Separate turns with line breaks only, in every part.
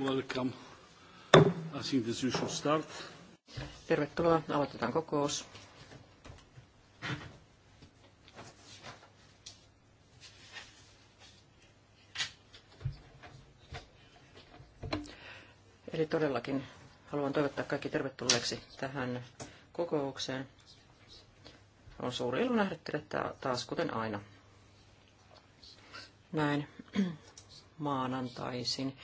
Welcome. I think this should start.
Tervetuloa. Aloitetaan kokous. Eli todellakin haluan toivottaa kaikki tervetulleeksi tähän kokoukseen. On suuri ilo nähdä teidät taas kuten aina. Näin maanantaisin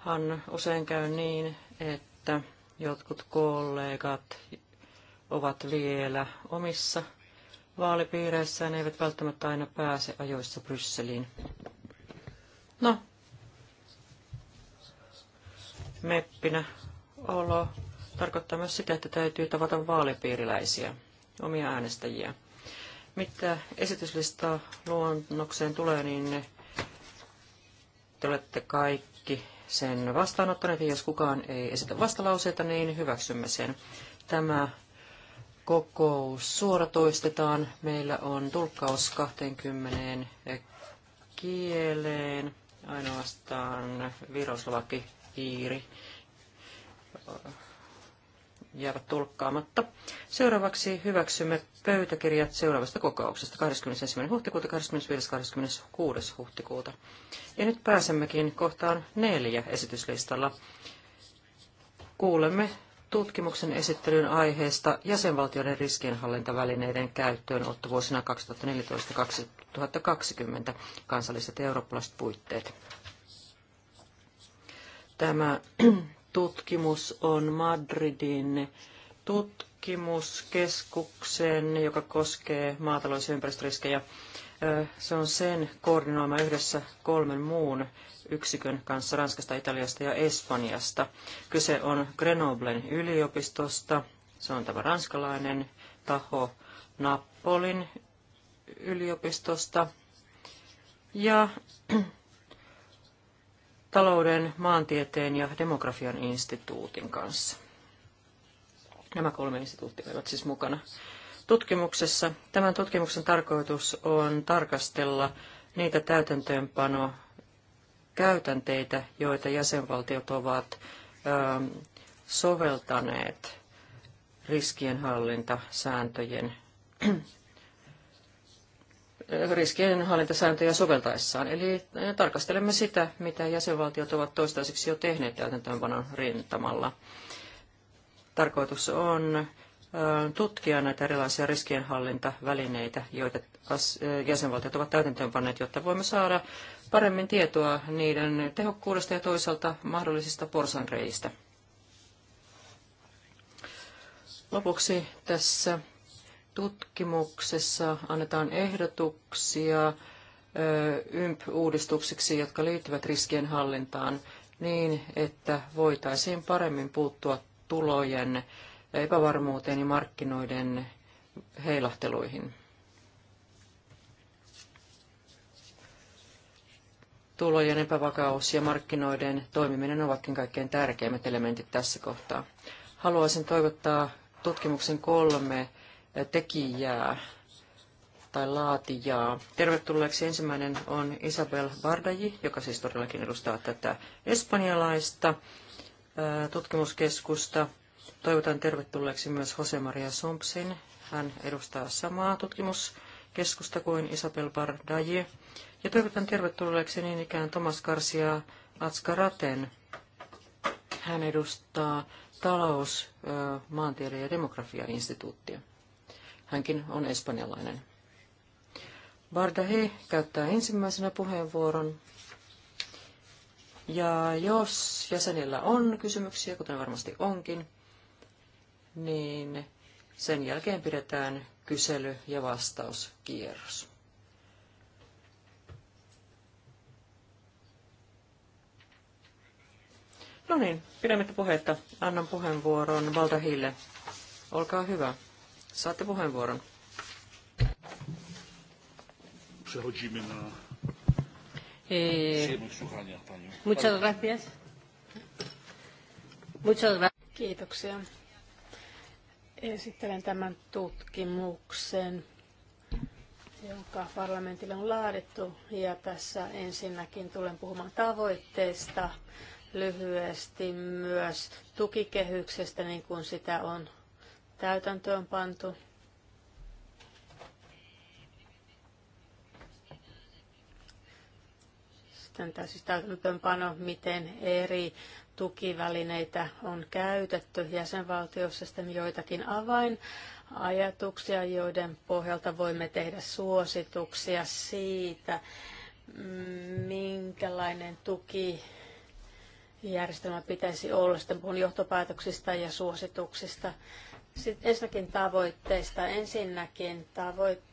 hän usein käy niin, että jotkut kollegat ovat vielä omissa vaalipiireissään, eivät välttämättä aina pääse ajoissa Brysseliin. No, meppinä olo tarkoittaa myös sitä, että täytyy tavata vaalipiiriläisiä, omia äänestäjiä. Mitä esityslista luonnokseen tulee, niin ne, te olette kaikki sen vastaanottaneet, ja jos kukaan ei esitä vastalauseita, niin hyväksymme sen. Tämä kokous suoratoistetaan. Meillä on tulkkaus 20 kieleen, ainoastaan viroslovakki, iiri, jäävät tulkkaamatta. Seuraavaksi hyväksymme pöytäkirjat seuraavasta kokouksesta 21. huhtikuuta 25. 26. huhtikuuta. Ja nyt pääsemmekin kohtaan neljä esityslistalla. Kuulemme tutkimuksen esittelyn aiheesta jäsenvaltioiden riskienhallintavälineiden käyttöön vuosina 2014-2020 kansalliset eurooppalaiset puitteet. Tämä tutkimus on Madridin tutkimuskeskuksen, joka koskee maatalous- ja ympäristöriskejä. Se on sen koordinoima yhdessä kolmen muun yksikön kanssa Ranskasta, Italiasta ja Espanjasta. Kyse on Grenoblen yliopistosta. Se on tämä ranskalainen taho Napolin yliopistosta. Ja talouden, maantieteen ja demografian instituutin kanssa. Nämä kolme instituuttia olivat siis mukana tutkimuksessa. Tämän tutkimuksen tarkoitus on tarkastella niitä täytäntöönpano käytänteitä, joita jäsenvaltiot ovat ähm, soveltaneet riskienhallintasääntöjen riskienhallintasääntöjä soveltaessaan. Eli eh, tarkastelemme sitä, mitä jäsenvaltiot ovat toistaiseksi jo tehneet täytäntöönpanon rintamalla. Tarkoitus on eh, tutkia näitä erilaisia riskienhallintavälineitä, joita eh, jäsenvaltiot ovat täytäntöönpanneet, jotta voimme saada paremmin tietoa niiden tehokkuudesta ja toisaalta mahdollisista porsanreistä. Lopuksi tässä Tutkimuksessa annetaan ehdotuksia ymp uudistuksiksi jotka liittyvät riskien hallintaan niin, että voitaisiin paremmin puuttua tulojen epävarmuuteen ja markkinoiden heilahteluihin. Tulojen epävakaus ja markkinoiden toimiminen ovatkin kaikkein tärkeimmät elementit tässä kohtaa. Haluaisin toivottaa tutkimuksen kolme tekijää tai laatijaa. Tervetulleeksi ensimmäinen on Isabel Bardaji, joka siis todellakin edustaa tätä espanjalaista tutkimuskeskusta. Toivotan tervetulleeksi myös Jose Maria Sompsin. Hän edustaa samaa tutkimuskeskusta kuin Isabel Bardaji. Ja toivotan tervetulleeksi niin ikään Tomas Garcia Atskaraten. Hän edustaa talous-, maantiede- ja demografia-instituuttia. Hänkin on espanjalainen. He käyttää ensimmäisenä puheenvuoron. Ja jos jäsenillä on kysymyksiä, kuten varmasti onkin, niin sen jälkeen pidetään kysely- ja vastauskierros. No niin, pidemmittä puhetta. Annan puheenvuoron Valdahille. Olkaa hyvä. Saatte puheenvuoron.
Przechodzimy na e, Muchas
gracias. Muchas gracias. Kiitoksia. Esittelen tämän tutkimuksen, jonka parlamentille on laadittu. Ja tässä ensinnäkin tulen puhumaan tavoitteista, lyhyesti myös tukikehyksestä, niin kuin sitä on täytäntöön pantu. Sitten tämä siis täytäntöönpano, miten eri tukivälineitä on käytetty jäsenvaltiossa, sitten joitakin avainajatuksia, joiden pohjalta voimme tehdä suosituksia siitä, minkälainen tuki järjestelmä pitäisi olla. Sitten puhun johtopäätöksistä ja suosituksista. Sitten ensinnäkin tavoitteista. Ensinnäkin tavoitteista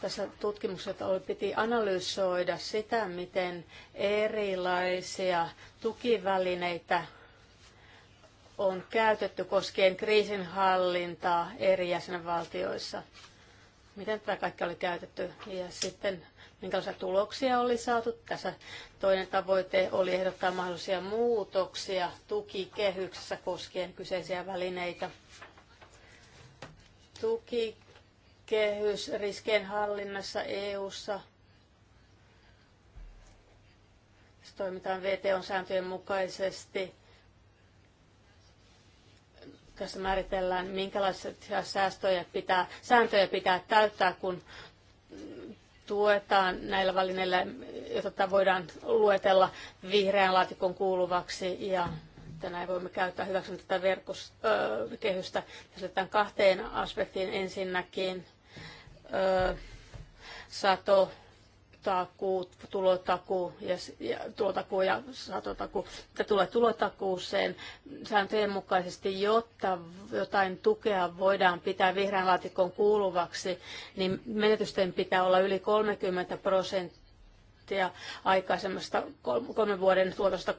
tässä tutkimuksessa piti analysoida sitä, miten erilaisia tukivälineitä on käytetty koskien kriisinhallintaa eri jäsenvaltioissa. Miten tämä kaikki oli käytetty? Ja sitten minkälaisia tuloksia oli saatu. Tässä toinen tavoite oli ehdottaa mahdollisia muutoksia tukikehyksessä koskien kyseisiä välineitä. Tukikehys riskien hallinnassa EU:ssa toimitaan vto sääntöjen mukaisesti tässä määritellään, minkälaisia säästöjä pitää, sääntöjä pitää täyttää, kun tuetaan näillä välineillä, jotta voidaan luetella vihreän laatikon kuuluvaksi ja että näin voimme käyttää hyväksi tätä verkkokehystä. otetaan kahteen aspektiin ensinnäkin ö, sato tulotakuu, tulotakuu ja, ja, tulotakuu ja satotakuu, että tulee tulotakuuseen sääntöjen mukaisesti, jotta jotain tukea voidaan pitää vihreän laatikon kuuluvaksi, niin menetysten pitää olla yli 30 prosenttia aikaisemmasta kolmen vuoden tuotosta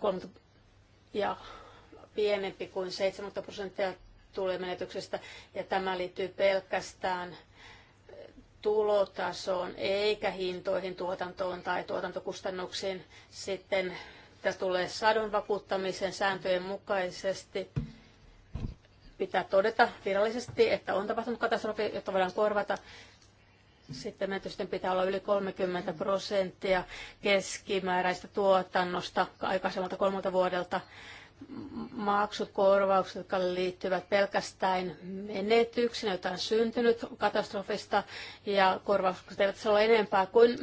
ja pienempi kuin 70 prosenttia tulemenetyksestä ja tämä liittyy pelkästään tulotasoon eikä hintoihin, tuotantoon tai tuotantokustannuksiin. Sitten tämä tulee sadon vakuuttamisen sääntöjen mukaisesti. Pitää todeta virallisesti, että on tapahtunut katastrofi, jotta voidaan korvata. Sitten menetysten pitää olla yli 30 prosenttia keskimääräistä tuotannosta aikaisemmalta kolmelta vuodelta maksukorvaukset, jotka liittyvät pelkästään menetyksiin, joita on syntynyt katastrofista, ja korvaukset eivät saa olla enempää kuin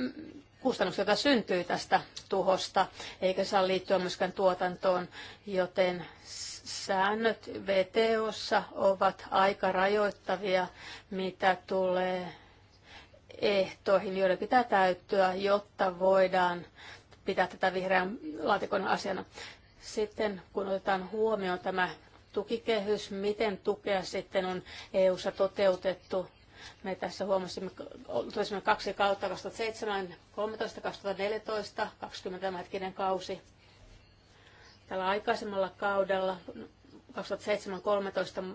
kustannukset, joita syntyy tästä tuhosta, eikä saa liittyä myöskään tuotantoon, joten säännöt VTOssa ovat aika rajoittavia, mitä tulee ehtoihin, joiden pitää täyttyä, jotta voidaan pitää tätä vihreän laatikon asiana. Sitten kun otetaan huomioon tämä tukikehys, miten tukea sitten on EU-ssa toteutettu. Me tässä huomasimme, tosimme kaksi kautta 2007, 13, 2014, 20 hetkinen kausi. Tällä aikaisemmalla kaudella 2007-2013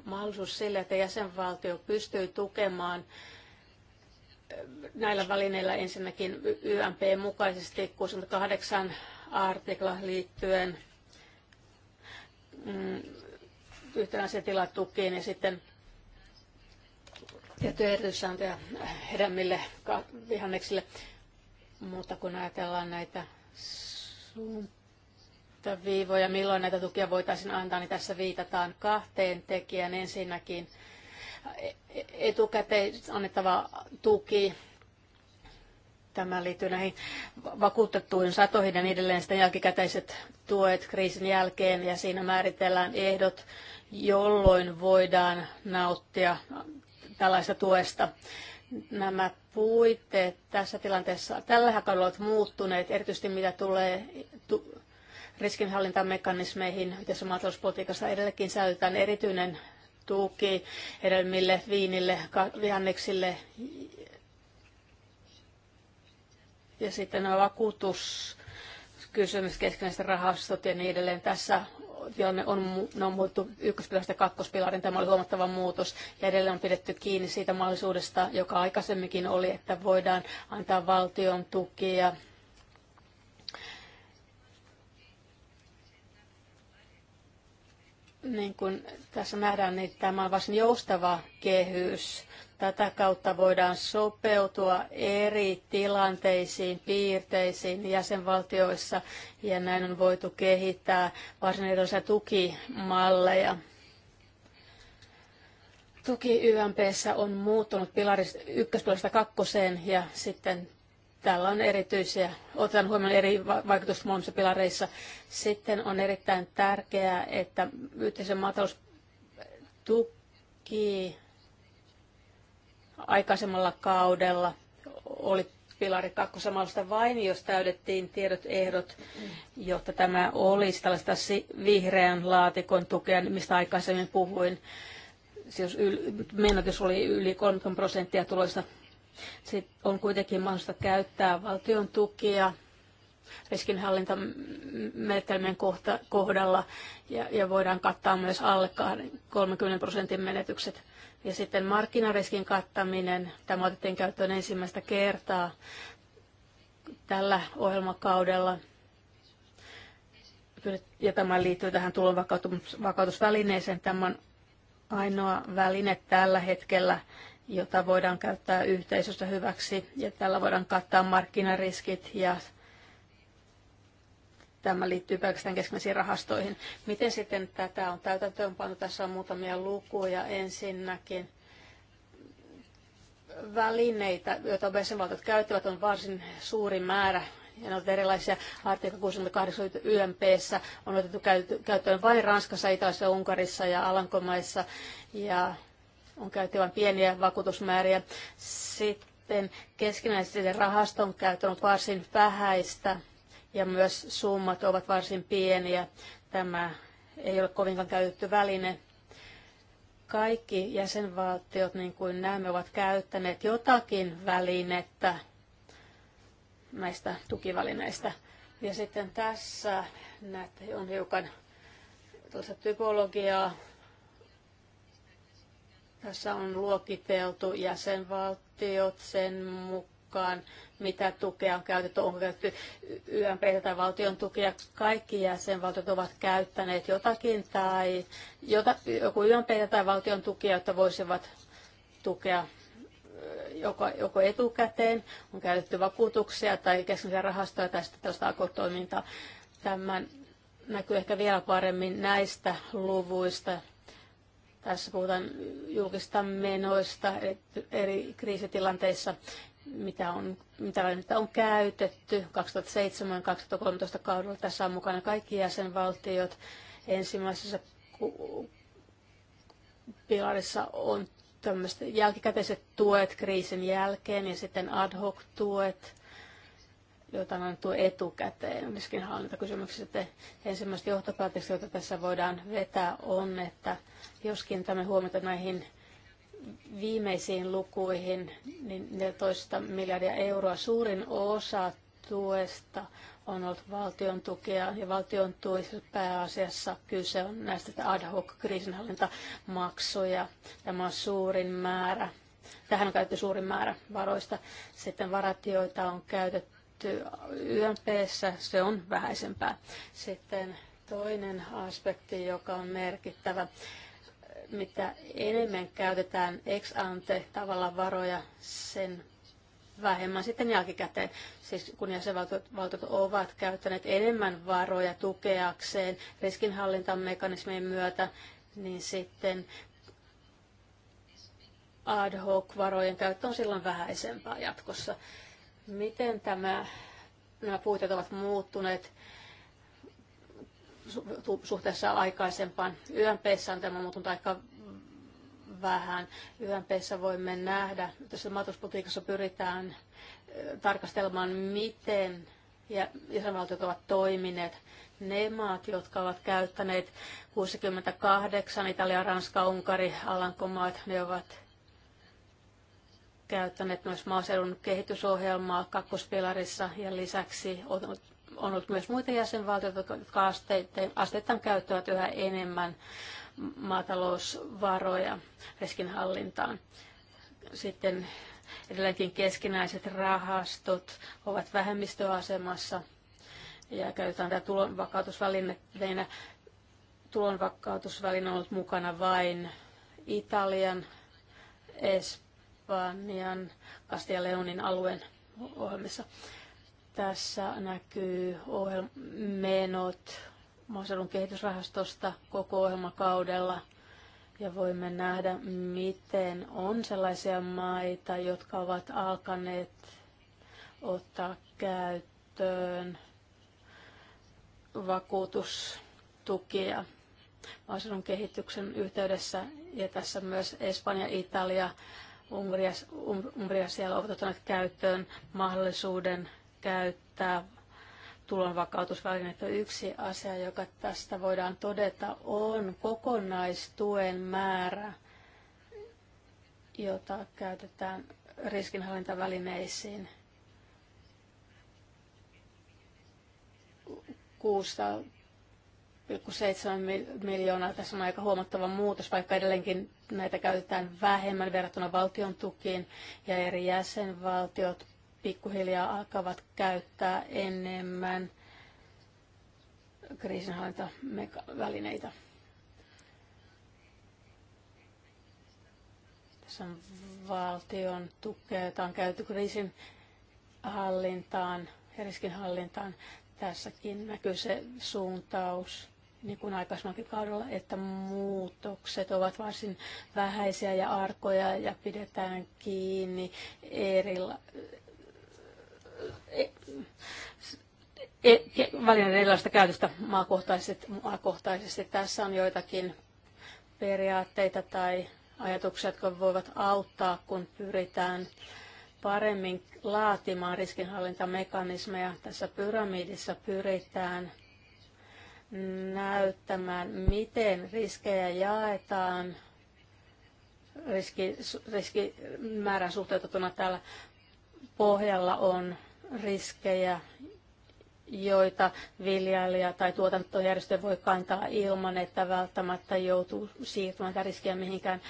mahdollisuus sille, että jäsenvaltio pystyy tukemaan näillä välineillä ensinnäkin YMP mukaisesti 68 artikla liittyen mm, yhtenäisen tilatukiin ja sitten tiettyjä erityissääntöjä hedelmille, vihanneksille. Mutta kun ajatellaan näitä suuntaviivoja, milloin näitä tukia voitaisiin antaa, niin tässä viitataan kahteen tekijään. Ensinnäkin e- e- etukäteen annettava tuki Tämä liittyy näihin vakuutettuihin satoihin ja niin edelleen sitten jälkikäteiset tuet kriisin jälkeen ja siinä määritellään ehdot, jolloin voidaan nauttia tällaista tuesta. Nämä puitteet tässä tilanteessa tällä hetkellä ovat muuttuneet, erityisesti mitä tulee tu- riskinhallintamekanismeihin, jossa maatalouspolitiikassa edellekin säilytään erityinen tuki hedelmille, viinille, vihanneksille ja sitten nämä vakuutuskysymys, keskeiset rahastot ja niin edelleen. Tässä jonne on, ne on muuttu ykköspilarista kakkospilarin. Tämä oli huomattava muutos ja edelleen on pidetty kiinni siitä mahdollisuudesta, joka aikaisemminkin oli, että voidaan antaa valtion tukia niin kuin tässä nähdään, niin tämä on varsin joustava kehys Tätä kautta voidaan sopeutua eri tilanteisiin, piirteisiin jäsenvaltioissa ja näin on voitu kehittää varsin erilaisia tukimalleja. Tuki YMPssä on muuttunut pilarista, ykköspilarista kakkoseen ja sitten Täällä on erityisiä, otetaan huomioon eri vaikutusta molemmissa pilareissa. Sitten on erittäin tärkeää, että yhteisen maataloustuki aikaisemmalla kaudella oli pilari kakkosamallusta vain, jos täydettiin tiedot ehdot, jotta tämä olisi tällaista vihreän laatikon tukea, mistä aikaisemmin puhuin. Siis menetys oli yli 30 prosenttia tuloista. Sitten on kuitenkin mahdollista käyttää valtion tukia riskinhallintamenetelmien kohdalla ja, ja voidaan kattaa myös alle 30 prosentin menetykset. Ja sitten markkinariskin kattaminen, tämä otettiin käyttöön ensimmäistä kertaa tällä ohjelmakaudella. Ja tämä liittyy tähän tulonvakautusvälineeseen. Tämä on ainoa väline tällä hetkellä, jota voidaan käyttää yhteisöstä hyväksi ja tällä voidaan kattaa markkinariskit ja tämä liittyy pelkästään keskinäisiin rahastoihin. Miten sitten tätä on täytäntöönpano? Tässä on muutamia lukuja ensinnäkin. Välineitä, joita jäsenvaltiot käyttävät, on varsin suuri määrä ja ne ovat erilaisia. Artikla 68 YMPssä on otettu käyttöön vain Ranskassa, Italiassa, Unkarissa ja Alankomaissa ja on käytetty vain pieniä vakuutusmääriä. Sitten keskinäisen rahaston käyttö on varsin vähäistä ja myös summat ovat varsin pieniä. Tämä ei ole kovinkaan käytetty väline. Kaikki jäsenvaltiot, niin kuin näemme, ovat käyttäneet jotakin välinettä näistä tukivälineistä. Ja sitten tässä näette, on hiukan tuossa typologiaa. Tässä on luokiteltu jäsenvaltiot sen mukaan, mitä tukea on käytetty, onko käytetty YMP tai valtion tukea. Kaikki jäsenvaltiot ovat käyttäneet jotakin tai jota, joku YMP tai valtion tukia, jotta voisivat tukea joko, joko etukäteen, on käytetty vakuutuksia tai keskeisiä rahastoja tai sitten tällaista akotoimintaa. Tämän näkyy ehkä vielä paremmin näistä luvuista. Tässä puhutaan julkista menoista eri kriisitilanteissa mitä on, mitä välineitä on käytetty 2007-2013 kaudella. Tässä on mukana kaikki jäsenvaltiot. Ensimmäisessä pilarissa on tämmöiset jälkikäteiset tuet kriisin jälkeen ja sitten ad hoc tuet, joita on annettu etukäteen. Myöskin hallintakysymyksissä että ensimmäiset johtopäätökset, joita tässä voidaan vetää, on, että joskin tämä huomiota näihin viimeisiin lukuihin, niin 14 miljardia euroa suurin osa tuesta on ollut valtion tukea ja valtion tuissa pääasiassa kyse on näistä ad hoc kriisinhallintamaksuja. Tämä on suurin määrä. Tähän on käytetty suurin määrä varoista. Sitten varat, joita on käytetty YMPssä, se on vähäisempää. Sitten toinen aspekti, joka on merkittävä, mitä enemmän käytetään ex ante tavalla varoja, sen vähemmän sitten jälkikäteen. Siis kun jäsenvaltiot ovat käyttäneet enemmän varoja tukeakseen riskinhallintamekanismien myötä, niin sitten ad hoc-varojen käyttö on silloin vähäisempää jatkossa. Miten tämä, nämä puitteet ovat muuttuneet? suhteessa aikaisempaan. YMPssä on tämä muutunut aika vähän. YMPssä voimme nähdä, tässä maatalouspolitiikassa pyritään tarkastelemaan, miten ja jäsenvaltiot ovat toimineet. Ne maat, jotka ovat käyttäneet 68, Italia, Ranska, Unkari, Alankomaat, ne ovat käyttäneet myös maaseudun kehitysohjelmaa kakkospilarissa ja lisäksi on ollut myös muita jäsenvaltioita, jotka asteittain, asteittain käyttävät yhä enemmän maatalousvaroja riskinhallintaan. Sitten edelleenkin keskinäiset rahastot ovat vähemmistöasemassa ja käytetään tätä tulonvakautusvälineenä. Tulonvakautusväline on ollut mukana vain Italian, Espanjan, Kastia Leonin alueen ohjelmissa. Tässä näkyy ohjelma, menot maaseudun kehitysrahastosta koko ohjelmakaudella. Ja voimme nähdä, miten on sellaisia maita, jotka ovat alkaneet ottaa käyttöön vakuutustukia maaseudun kehityksen yhteydessä. Ja tässä myös Espanja, Italia, Umbria, Umbria siellä ovat ottaneet käyttöön mahdollisuuden käyttää tulonvakautusvälineitä. Yksi asia, joka tästä voidaan todeta, on kokonaistuen määrä, jota käytetään riskinhallintavälineisiin. 6,7 miljoonaa. Tässä on aika huomattava muutos, vaikka edelleenkin näitä käytetään vähemmän verrattuna valtion tukiin ja eri jäsenvaltiot pikkuhiljaa alkavat käyttää enemmän kriisinhallintavälineitä. Tässä on valtion tukea, on käyty kriisin hallintaan ja riskinhallintaan. Tässäkin näkyy se suuntaus, niin kuin aikaisemmankin kaudella, että muutokset ovat varsin vähäisiä ja arkoja ja pidetään kiinni erila- E, e, välinen erilaista käytöstä maakohtaisesti, maakohtaisesti. Tässä on joitakin periaatteita tai ajatuksia, jotka voivat auttaa, kun pyritään paremmin laatimaan riskinhallintamekanismeja. Tässä pyramidissa pyritään näyttämään, miten riskejä jaetaan riski, riskimäärän suhteutettuna täällä pohjalla on riskejä, joita viljailija tai tuotantojärjestö voi kantaa ilman, että välttämättä joutuu siirtymään tätä riskiä mihinkään.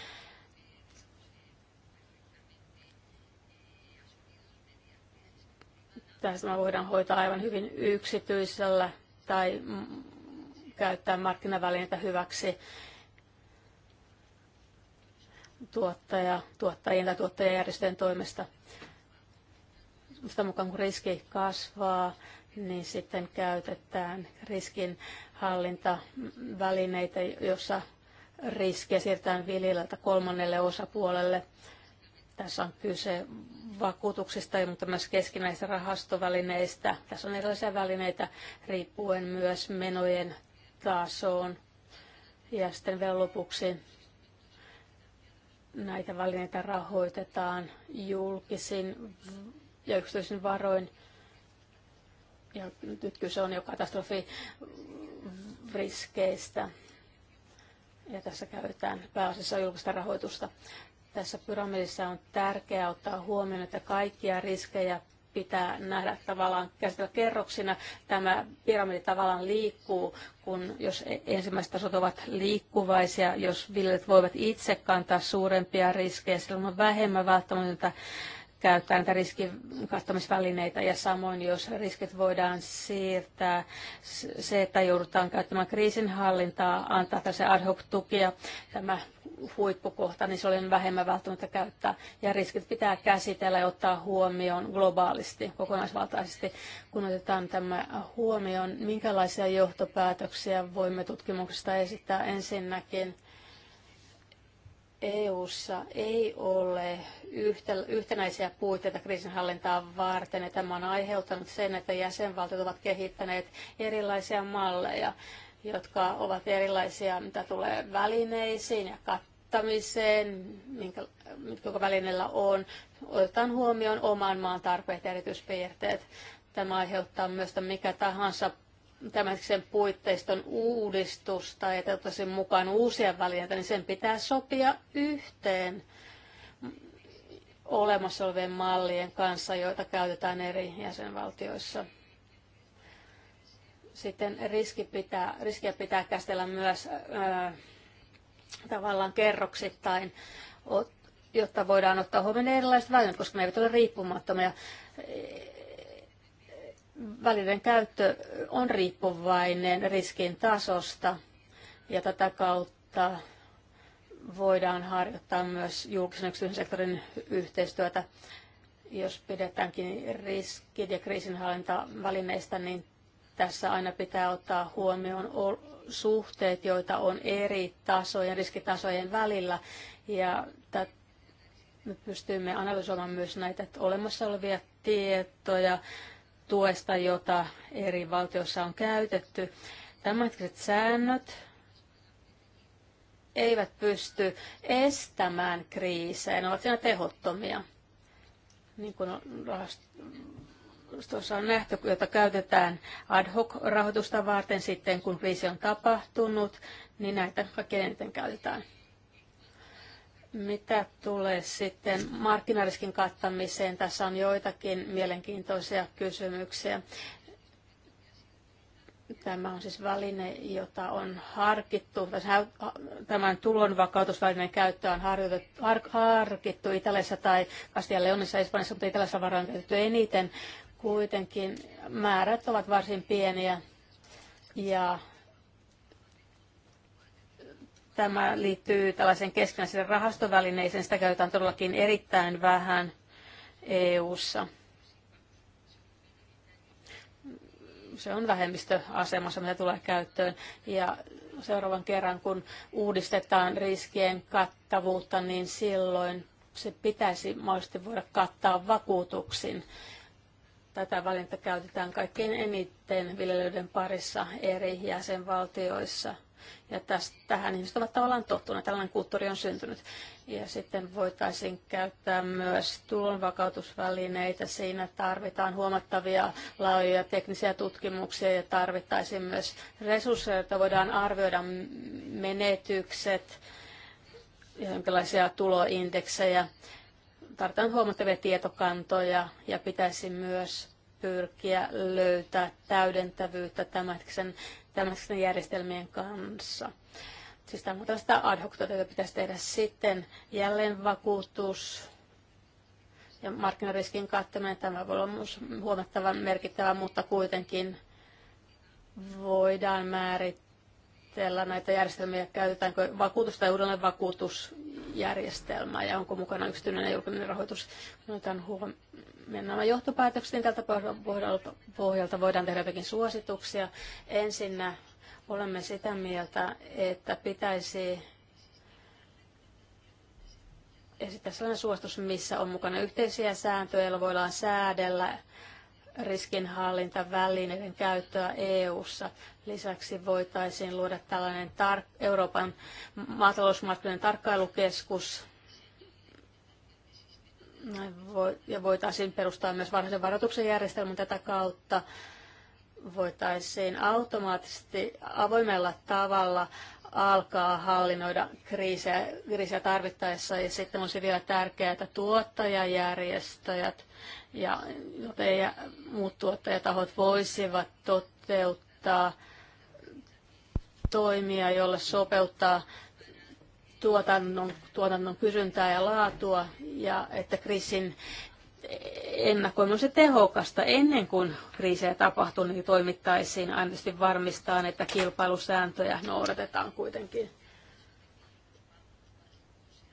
Tämä voidaan hoitaa aivan hyvin yksityisellä tai käyttää markkinavälineitä hyväksi tuottaja, tuottajien tai tuottajajärjestöjen toimesta sitä mukaan kun riski kasvaa, niin sitten käytetään riskinhallintavälineitä, jossa riskiä siirretään viljelijältä kolmannelle osapuolelle. Tässä on kyse vakuutuksista, mutta myös keskinäisistä rahastovälineistä. Tässä on erilaisia välineitä riippuen myös menojen tasoon. Ja sitten vielä lopuksi näitä välineitä rahoitetaan julkisin ja yksityisin varoin. Ja nyt kyse on jo katastrofiriskeistä. Ja tässä käytetään pääasiassa julkista rahoitusta. Tässä pyramidissa on tärkeää ottaa huomioon, että kaikkia riskejä pitää nähdä tavallaan käsitellä kerroksina. Tämä pyramidi tavallaan liikkuu, kun jos e- ensimmäiset tasot ovat liikkuvaisia, jos viljelijät voivat itse kantaa suurempia riskejä, silloin on vähemmän välttämätöntä käyttää näitä riskikattamisvälineitä ja samoin, jos riskit voidaan siirtää, se, että joudutaan käyttämään kriisinhallintaa, antaa tässä ad hoc tukia, tämä huippukohta, niin se oli vähemmän välttämättä käyttää. Ja riskit pitää käsitellä ja ottaa huomioon globaalisti, kokonaisvaltaisesti. Kun otetaan tämä huomioon, minkälaisia johtopäätöksiä voimme tutkimuksesta esittää ensinnäkin – EU:ssa ei ole yhtä, yhtenäisiä puitteita kriisinhallintaa varten, ja tämä on aiheuttanut sen, että jäsenvaltiot ovat kehittäneet erilaisia malleja, jotka ovat erilaisia, mitä tulee välineisiin ja kattamiseen, minkä, minkä välineellä on. Otetaan huomioon oman maan tarpeet ja erityispiirteet. Tämä aiheuttaa myös, että mikä tahansa tämmöisen puitteiston uudistusta ja ottaisin mukaan uusia välineitä, niin sen pitää sopia yhteen olemassa olevien mallien kanssa, joita käytetään eri jäsenvaltioissa. Sitten riski pitää, riskiä pitää käsitellä myös ää, tavallaan kerroksittain, jotta voidaan ottaa huomioon erilaiset välineet, koska ne eivät ole riippumattomia välinen käyttö on riippuvainen riskin tasosta ja tätä kautta voidaan harjoittaa myös julkisen yksityisen sektorin yhteistyötä. Jos pidetäänkin riskit ja kriisinhallintavälineistä, niin tässä aina pitää ottaa huomioon suhteet, joita on eri tasojen, riskitasojen välillä. Ja me pystymme analysoimaan myös näitä olemassa olevia tietoja, tuesta, jota eri valtioissa on käytetty. Tämänhetkiset säännöt eivät pysty estämään kriisejä, ne ovat siinä tehottomia. Niin kuin tuossa on nähty, jota käytetään ad hoc rahoitusta varten sitten, kun kriisi on tapahtunut, niin näitä kaikkein eniten käytetään. Mitä tulee sitten markkinariskin kattamiseen, tässä on joitakin mielenkiintoisia kysymyksiä. Tämä on siis väline, jota on harkittu. Tämän tulonvakautusvälineen käyttöä on har, harkittu Italiassa tai Kastian Leonissa Espanjassa, mutta Italiassa varoin käytetty eniten. Kuitenkin määrät ovat varsin pieniä ja Tämä liittyy tällaisen keskinäisen rahastovälineeseen. Sitä käytetään todellakin erittäin vähän EU-ssa. Se on vähemmistöasemassa, mitä tulee käyttöön. Ja seuraavan kerran, kun uudistetaan riskien kattavuutta, niin silloin se pitäisi mahdollisesti voida kattaa vakuutuksin. Tätä valinta käytetään kaikkein eniten viljelyiden parissa eri jäsenvaltioissa – ja tästä, tähän ihmiset ovat tavallaan tottuneet, tällainen kulttuuri on syntynyt. Ja sitten voitaisiin käyttää myös tulonvakautusvälineitä. Siinä tarvitaan huomattavia laajoja teknisiä tutkimuksia ja tarvittaisiin myös resursseja, joita voidaan arvioida menetykset ja jonkinlaisia tuloindeksejä. Tarvitaan huomattavia tietokantoja ja pitäisi myös pyrkiä löytää täydentävyyttä tämän tämmöisten järjestelmien kanssa. Siis tämä on tällaista ad hoc jota pitäisi tehdä sitten jälleen vakuutus ja markkinariskin kattaminen. Tämä voi olla myös huomattavan merkittävä, mutta kuitenkin voidaan määritellä näitä järjestelmiä, käytetäänkö vakuutus tai uudelleen vakuutusjärjestelmä ja onko mukana yksityinen ja julkinen rahoitus. Otetaan huom. Ja nämä johtopäätökset niin tältä pohjalta voidaan tehdä jotakin suosituksia. Ensinnä olemme sitä mieltä, että pitäisi esittää sellainen suositus, missä on mukana yhteisiä sääntöjä, joilla voidaan säädellä riskinhallintavälineiden käyttöä EU-ssa. Lisäksi voitaisiin luoda tällainen Euroopan maatalousmarkkinoiden tarkkailukeskus, ja voitaisiin perustaa myös varhaisen varoituksen järjestelmän tätä kautta. Voitaisiin automaattisesti avoimella tavalla alkaa hallinnoida kriisiä, kriisiä tarvittaessa. Ja sitten olisi vielä tärkeää, että tuottajajärjestöjät ja muut tuottajatahot voisivat toteuttaa toimia, joilla sopeuttaa tuotannon, tuotannon kysyntää ja laatua ja että kriisin on se tehokasta ennen kuin kriisejä tapahtuu, niin toimittaisiin aina varmistaa, että kilpailusääntöjä noudatetaan kuitenkin.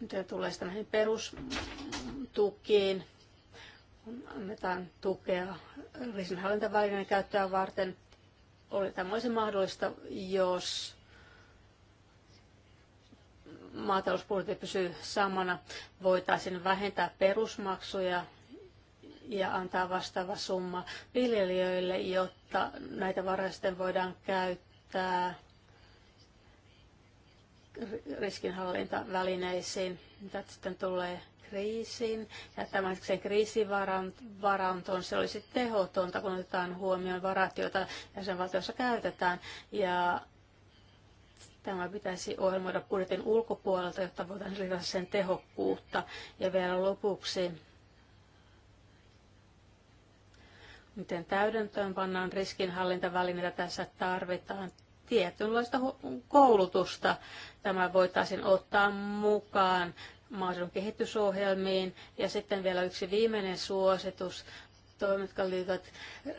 Mitä tulee sitten näihin perustukiin, annetaan tukea riisinhallintavälineen käyttöä varten. Oli tämmöisen mahdollista, jos maatalouspuolet pysyy samana, voitaisiin vähentää perusmaksuja ja antaa vastaava summa viljelijöille, jotta näitä varoja sitten voidaan käyttää riskinhallintavälineisiin, mitä sitten tulee kriisiin. Ja tämän kriisivarantoon se olisi tehotonta, kun otetaan huomioon varat, joita jäsenvaltiossa käytetään. Ja Tämä pitäisi ohjelmoida budjetin ulkopuolelta, jotta voidaan lisätä sen tehokkuutta. Ja vielä lopuksi, miten täydentöön pannaan riskinhallintavälineitä. Tässä tarvitaan tietynlaista koulutusta. Tämä voitaisiin ottaa mukaan mahdollisuuden kehitysohjelmiin. Ja sitten vielä yksi viimeinen suositus toimet, jotka liittyvät äh,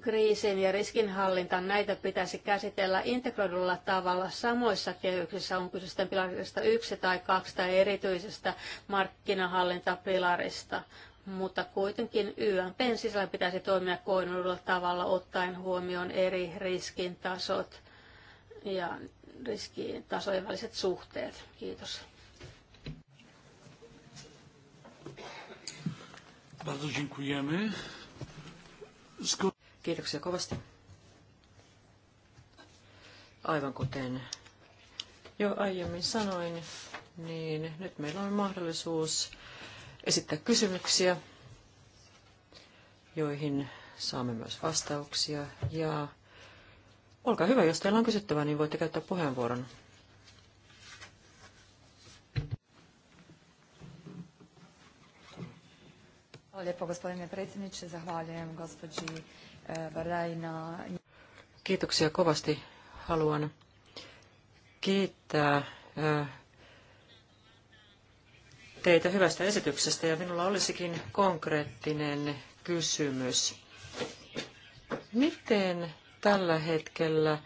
kriisiin ja riskinhallintaan, näitä pitäisi käsitellä integroidulla tavalla samoissa kehyksissä, on kyse sitten pilarista yksi tai kaksi tai erityisestä markkinahallintapilarista. Mutta kuitenkin YMPn sisällä pitäisi toimia koordinoidulla tavalla ottaen huomioon eri riskin tasot ja riskitasojen väliset suhteet. Kiitos.
Bardzo dziękujemy.
Kiitoksia kovasti. Aivan kuten jo aiemmin sanoin, niin nyt meillä on mahdollisuus esittää kysymyksiä, joihin saamme myös vastauksia. Ja olkaa hyvä, jos teillä on kysyttävää, niin voitte käyttää puheenvuoron.
Hvala lijepo gospodine predsjedniče, zahvaljujem gospođi e, Barajna.
Kiitoksia kovasti. Haluan kiittää e, teitä hyvästä esityksestä ja minulla olisikin konkreettinen kysymys. Miten tällä hetkellä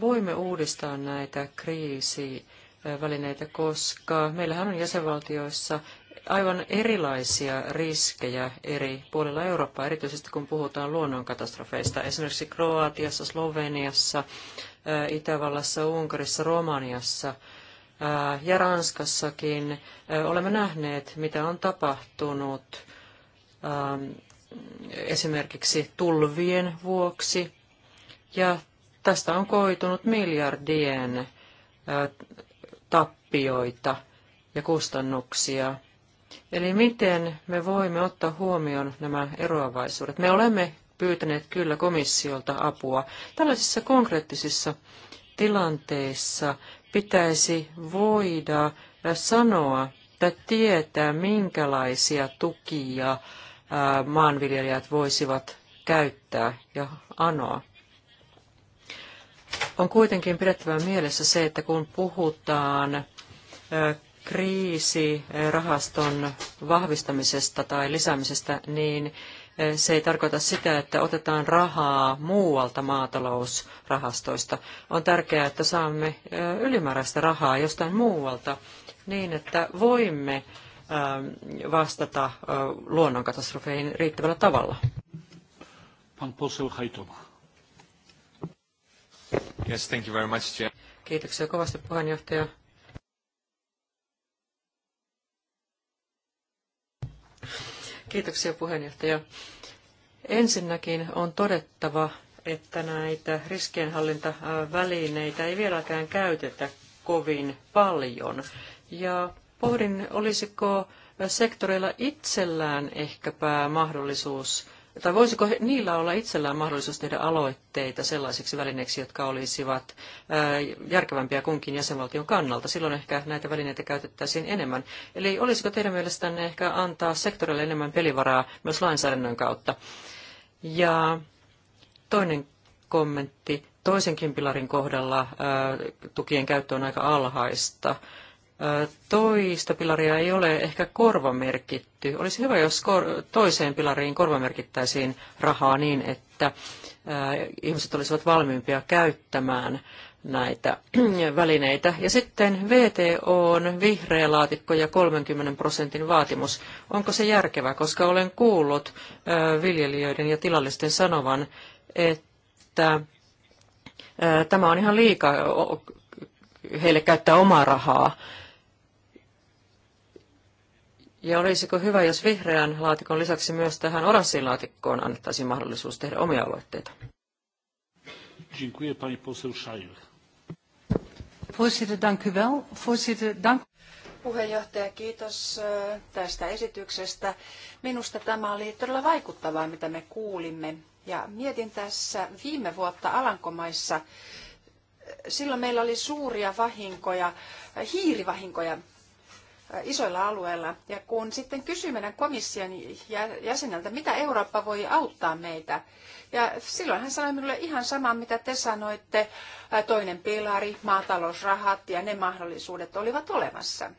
voimme uudistaa näitä kriisivälineitä, koska meillähän on jäsenvaltioissa aivan erilaisia riskejä eri puolilla Eurooppaa, erityisesti kun puhutaan luonnonkatastrofeista. Esimerkiksi Kroatiassa, Sloveniassa, Itävallassa, Unkarissa, Romaniassa ja Ranskassakin olemme nähneet, mitä on tapahtunut esimerkiksi tulvien vuoksi. Ja tästä on koitunut miljardien tappioita ja kustannuksia Eli miten me voimme ottaa huomioon nämä eroavaisuudet? Me olemme pyytäneet kyllä komissiolta apua. Tällaisissa konkreettisissa tilanteissa pitäisi voida sanoa tai tietää, minkälaisia tukia maanviljelijät voisivat käyttää ja anoa. On kuitenkin pidettävä mielessä se, että kun puhutaan kriisirahaston eh, vahvistamisesta tai lisäämisestä, niin eh, se ei tarkoita sitä, että otetaan rahaa muualta maatalousrahastoista. On tärkeää, että saamme eh, ylimääräistä rahaa jostain muualta niin, että voimme vastata luonnonkatastrofeihin riittävällä tavalla.
Yes, thank you very much, Chair.
Kiitoksia kovasti puheenjohtaja. Kiitoksia puheenjohtaja. Ensinnäkin on todettava, että näitä riskienhallintavälineitä ei vieläkään käytetä kovin paljon. Ja pohdin, olisiko sektoreilla itsellään ehkäpä mahdollisuus tai voisiko niillä olla itsellään mahdollisuus tehdä aloitteita sellaisiksi välineiksi, jotka olisivat järkevämpiä kunkin jäsenvaltion kannalta? Silloin ehkä näitä välineitä käytettäisiin enemmän. Eli olisiko teidän mielestänne ehkä antaa sektorille enemmän pelivaraa myös lainsäädännön kautta? Ja toinen kommentti. Toisenkin pilarin kohdalla tukien käyttö on aika alhaista toista pilaria ei ole ehkä korvamerkitty. Olisi hyvä, jos toiseen pilariin korvamerkittäisiin rahaa niin, että ihmiset olisivat valmiimpia käyttämään näitä välineitä. Ja sitten VTOn vihreä laatikko ja 30 prosentin vaatimus. Onko se järkevää? Koska olen kuullut viljelijöiden ja tilallisten sanovan, että tämä on ihan liikaa heille käyttää omaa rahaa ja olisiko hyvä, jos vihreän laatikon lisäksi myös tähän oranssiin laatikkoon annettaisiin mahdollisuus tehdä omia aloitteita?
puheenjohtaja, kiitos äh, tästä esityksestä. Minusta tämä oli todella vaikuttavaa, mitä me kuulimme. Ja mietin tässä viime vuotta Alankomaissa. Äh, silloin meillä oli suuria vahinkoja, äh, hiirivahinkoja Äh, isoilla alueilla. Ja kun sitten kysyimme meidän komission jäseneltä, mitä Eurooppa voi auttaa meitä, ja silloin hän sanoi minulle ihan samaa, mitä te sanoitte, äh, toinen pilari, maatalousrahat ja ne mahdollisuudet olivat olemassa.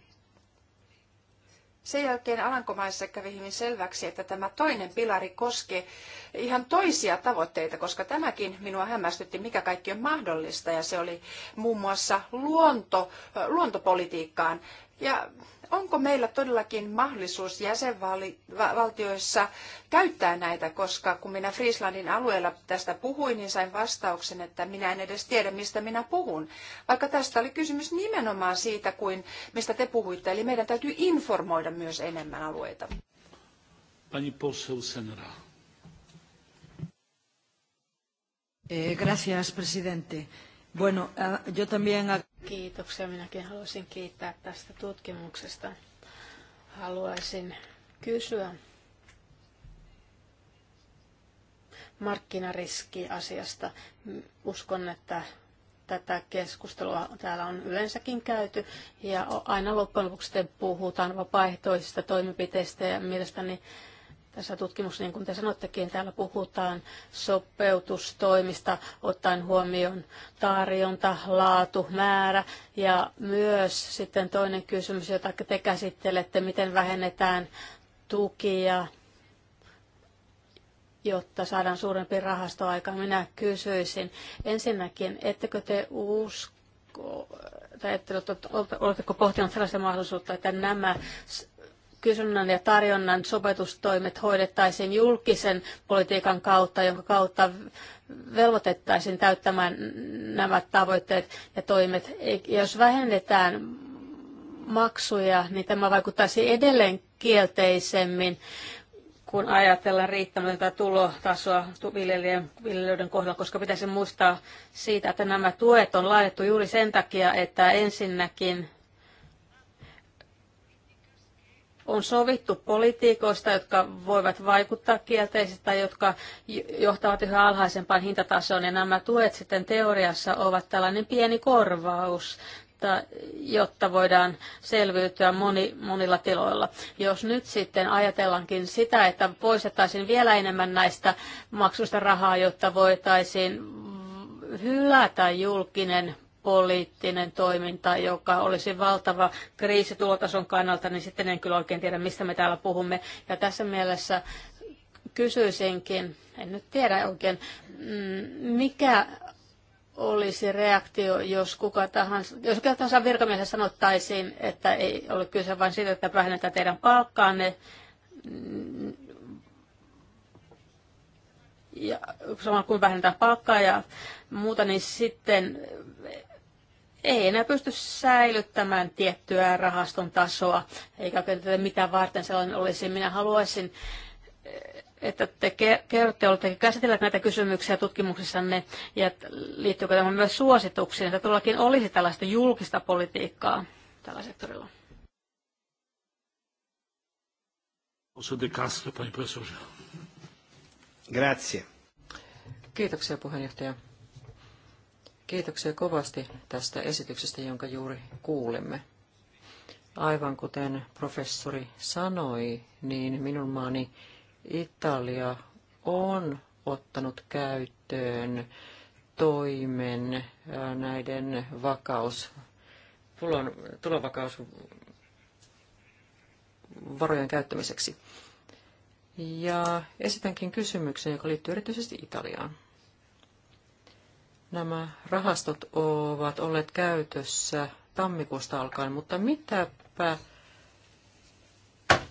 Sen jälkeen Alankomaissa kävi hyvin selväksi, että tämä toinen pilari koskee ihan toisia tavoitteita, koska tämäkin minua hämmästytti, mikä kaikki on mahdollista, ja se oli muun muassa luonto, äh, luontopolitiikkaan. Ja onko meillä todellakin mahdollisuus jäsenvaltioissa käyttää näitä, koska kun minä Frieslandin alueella tästä puhuin, niin sain vastauksen, että minä en edes tiedä, mistä minä puhun. Vaikka tästä oli kysymys nimenomaan siitä, kuin mistä te puhuitte, eli meidän täytyy informoida
myös enemmän alueita. Pani
Eh, gracias,
presidente. Bueno, ah, yo también... Kiitoksia. Minäkin haluaisin kiittää tästä tutkimuksesta. Haluaisin kysyä markkinariskiasiasta. Uskon, että tätä keskustelua täällä on yleensäkin käyty ja aina loppujen lopuksi puhutaan vapaaehtoisista toimenpiteistä ja mielestäni tässä tutkimuksessa, niin kuin te sanottekin, täällä puhutaan sopeutustoimista ottaen huomioon tarjonta, laatu, määrä ja myös sitten toinen kysymys, jota te käsittelette, miten vähennetään tukia jotta saadaan suurempi rahasto aikaan. Minä kysyisin ensinnäkin, ettekö te usko, tai ette, oletteko pohtinut sellaista mahdollisuutta, että nämä kysynnän ja tarjonnan sopeutustoimet hoidettaisiin julkisen politiikan kautta, jonka kautta velvoitettaisiin täyttämään nämä tavoitteet ja toimet. Ja jos vähennetään maksuja, niin tämä vaikuttaisi edelleen kielteisemmin, kun ajatellaan riittämätöntä tulotasoa viljelijöiden kohdalla, koska pitäisi muistaa siitä, että nämä tuet on laadittu juuri sen takia, että ensinnäkin On sovittu politiikoista, jotka voivat vaikuttaa kielteisesti tai jotka johtavat yhä alhaisempaan hintatasoon. Ja nämä tuet sitten teoriassa ovat tällainen pieni korvaus jotta, voidaan selviytyä moni, monilla tiloilla. Jos nyt sitten ajatellaankin sitä, että poistettaisiin vielä enemmän näistä maksusta rahaa, jotta voitaisiin hylätä julkinen poliittinen toiminta, joka olisi valtava kriisi tulotason kannalta, niin sitten en kyllä oikein tiedä, mistä me täällä puhumme. Ja tässä mielessä kysyisinkin, en nyt tiedä oikein, mm, mikä olisi reaktio, jos kuka tahansa, jos kuka tahansa virkamies sanottaisiin, että ei ole kyse vain siitä, että vähennetään teidän palkkaanne, mm, ja samalla kun vähennetään palkkaa ja muuta, niin sitten ei enää pysty säilyttämään tiettyä rahaston tasoa, eikä oikein mitä varten sellainen olisi. Minä haluaisin, että te kerrotte, olette käsitelleet näitä kysymyksiä tutkimuksissanne, ja liittyykö tämä myös suosituksiin, että todellakin olisi tällaista julkista politiikkaa tällä sektorilla.
Grazie.
Kiitoksia puheenjohtaja. Kiitoksia kovasti tästä esityksestä, jonka juuri kuulemme. Aivan kuten professori sanoi, niin minun maani Italia on ottanut käyttöön toimen näiden vakaus, tulon, tulovakausvarojen käyttämiseksi. Ja esitänkin kysymyksen, joka liittyy erityisesti Italiaan. Nämä rahastot ovat olleet käytössä tammikuusta alkaen, mutta mitäpä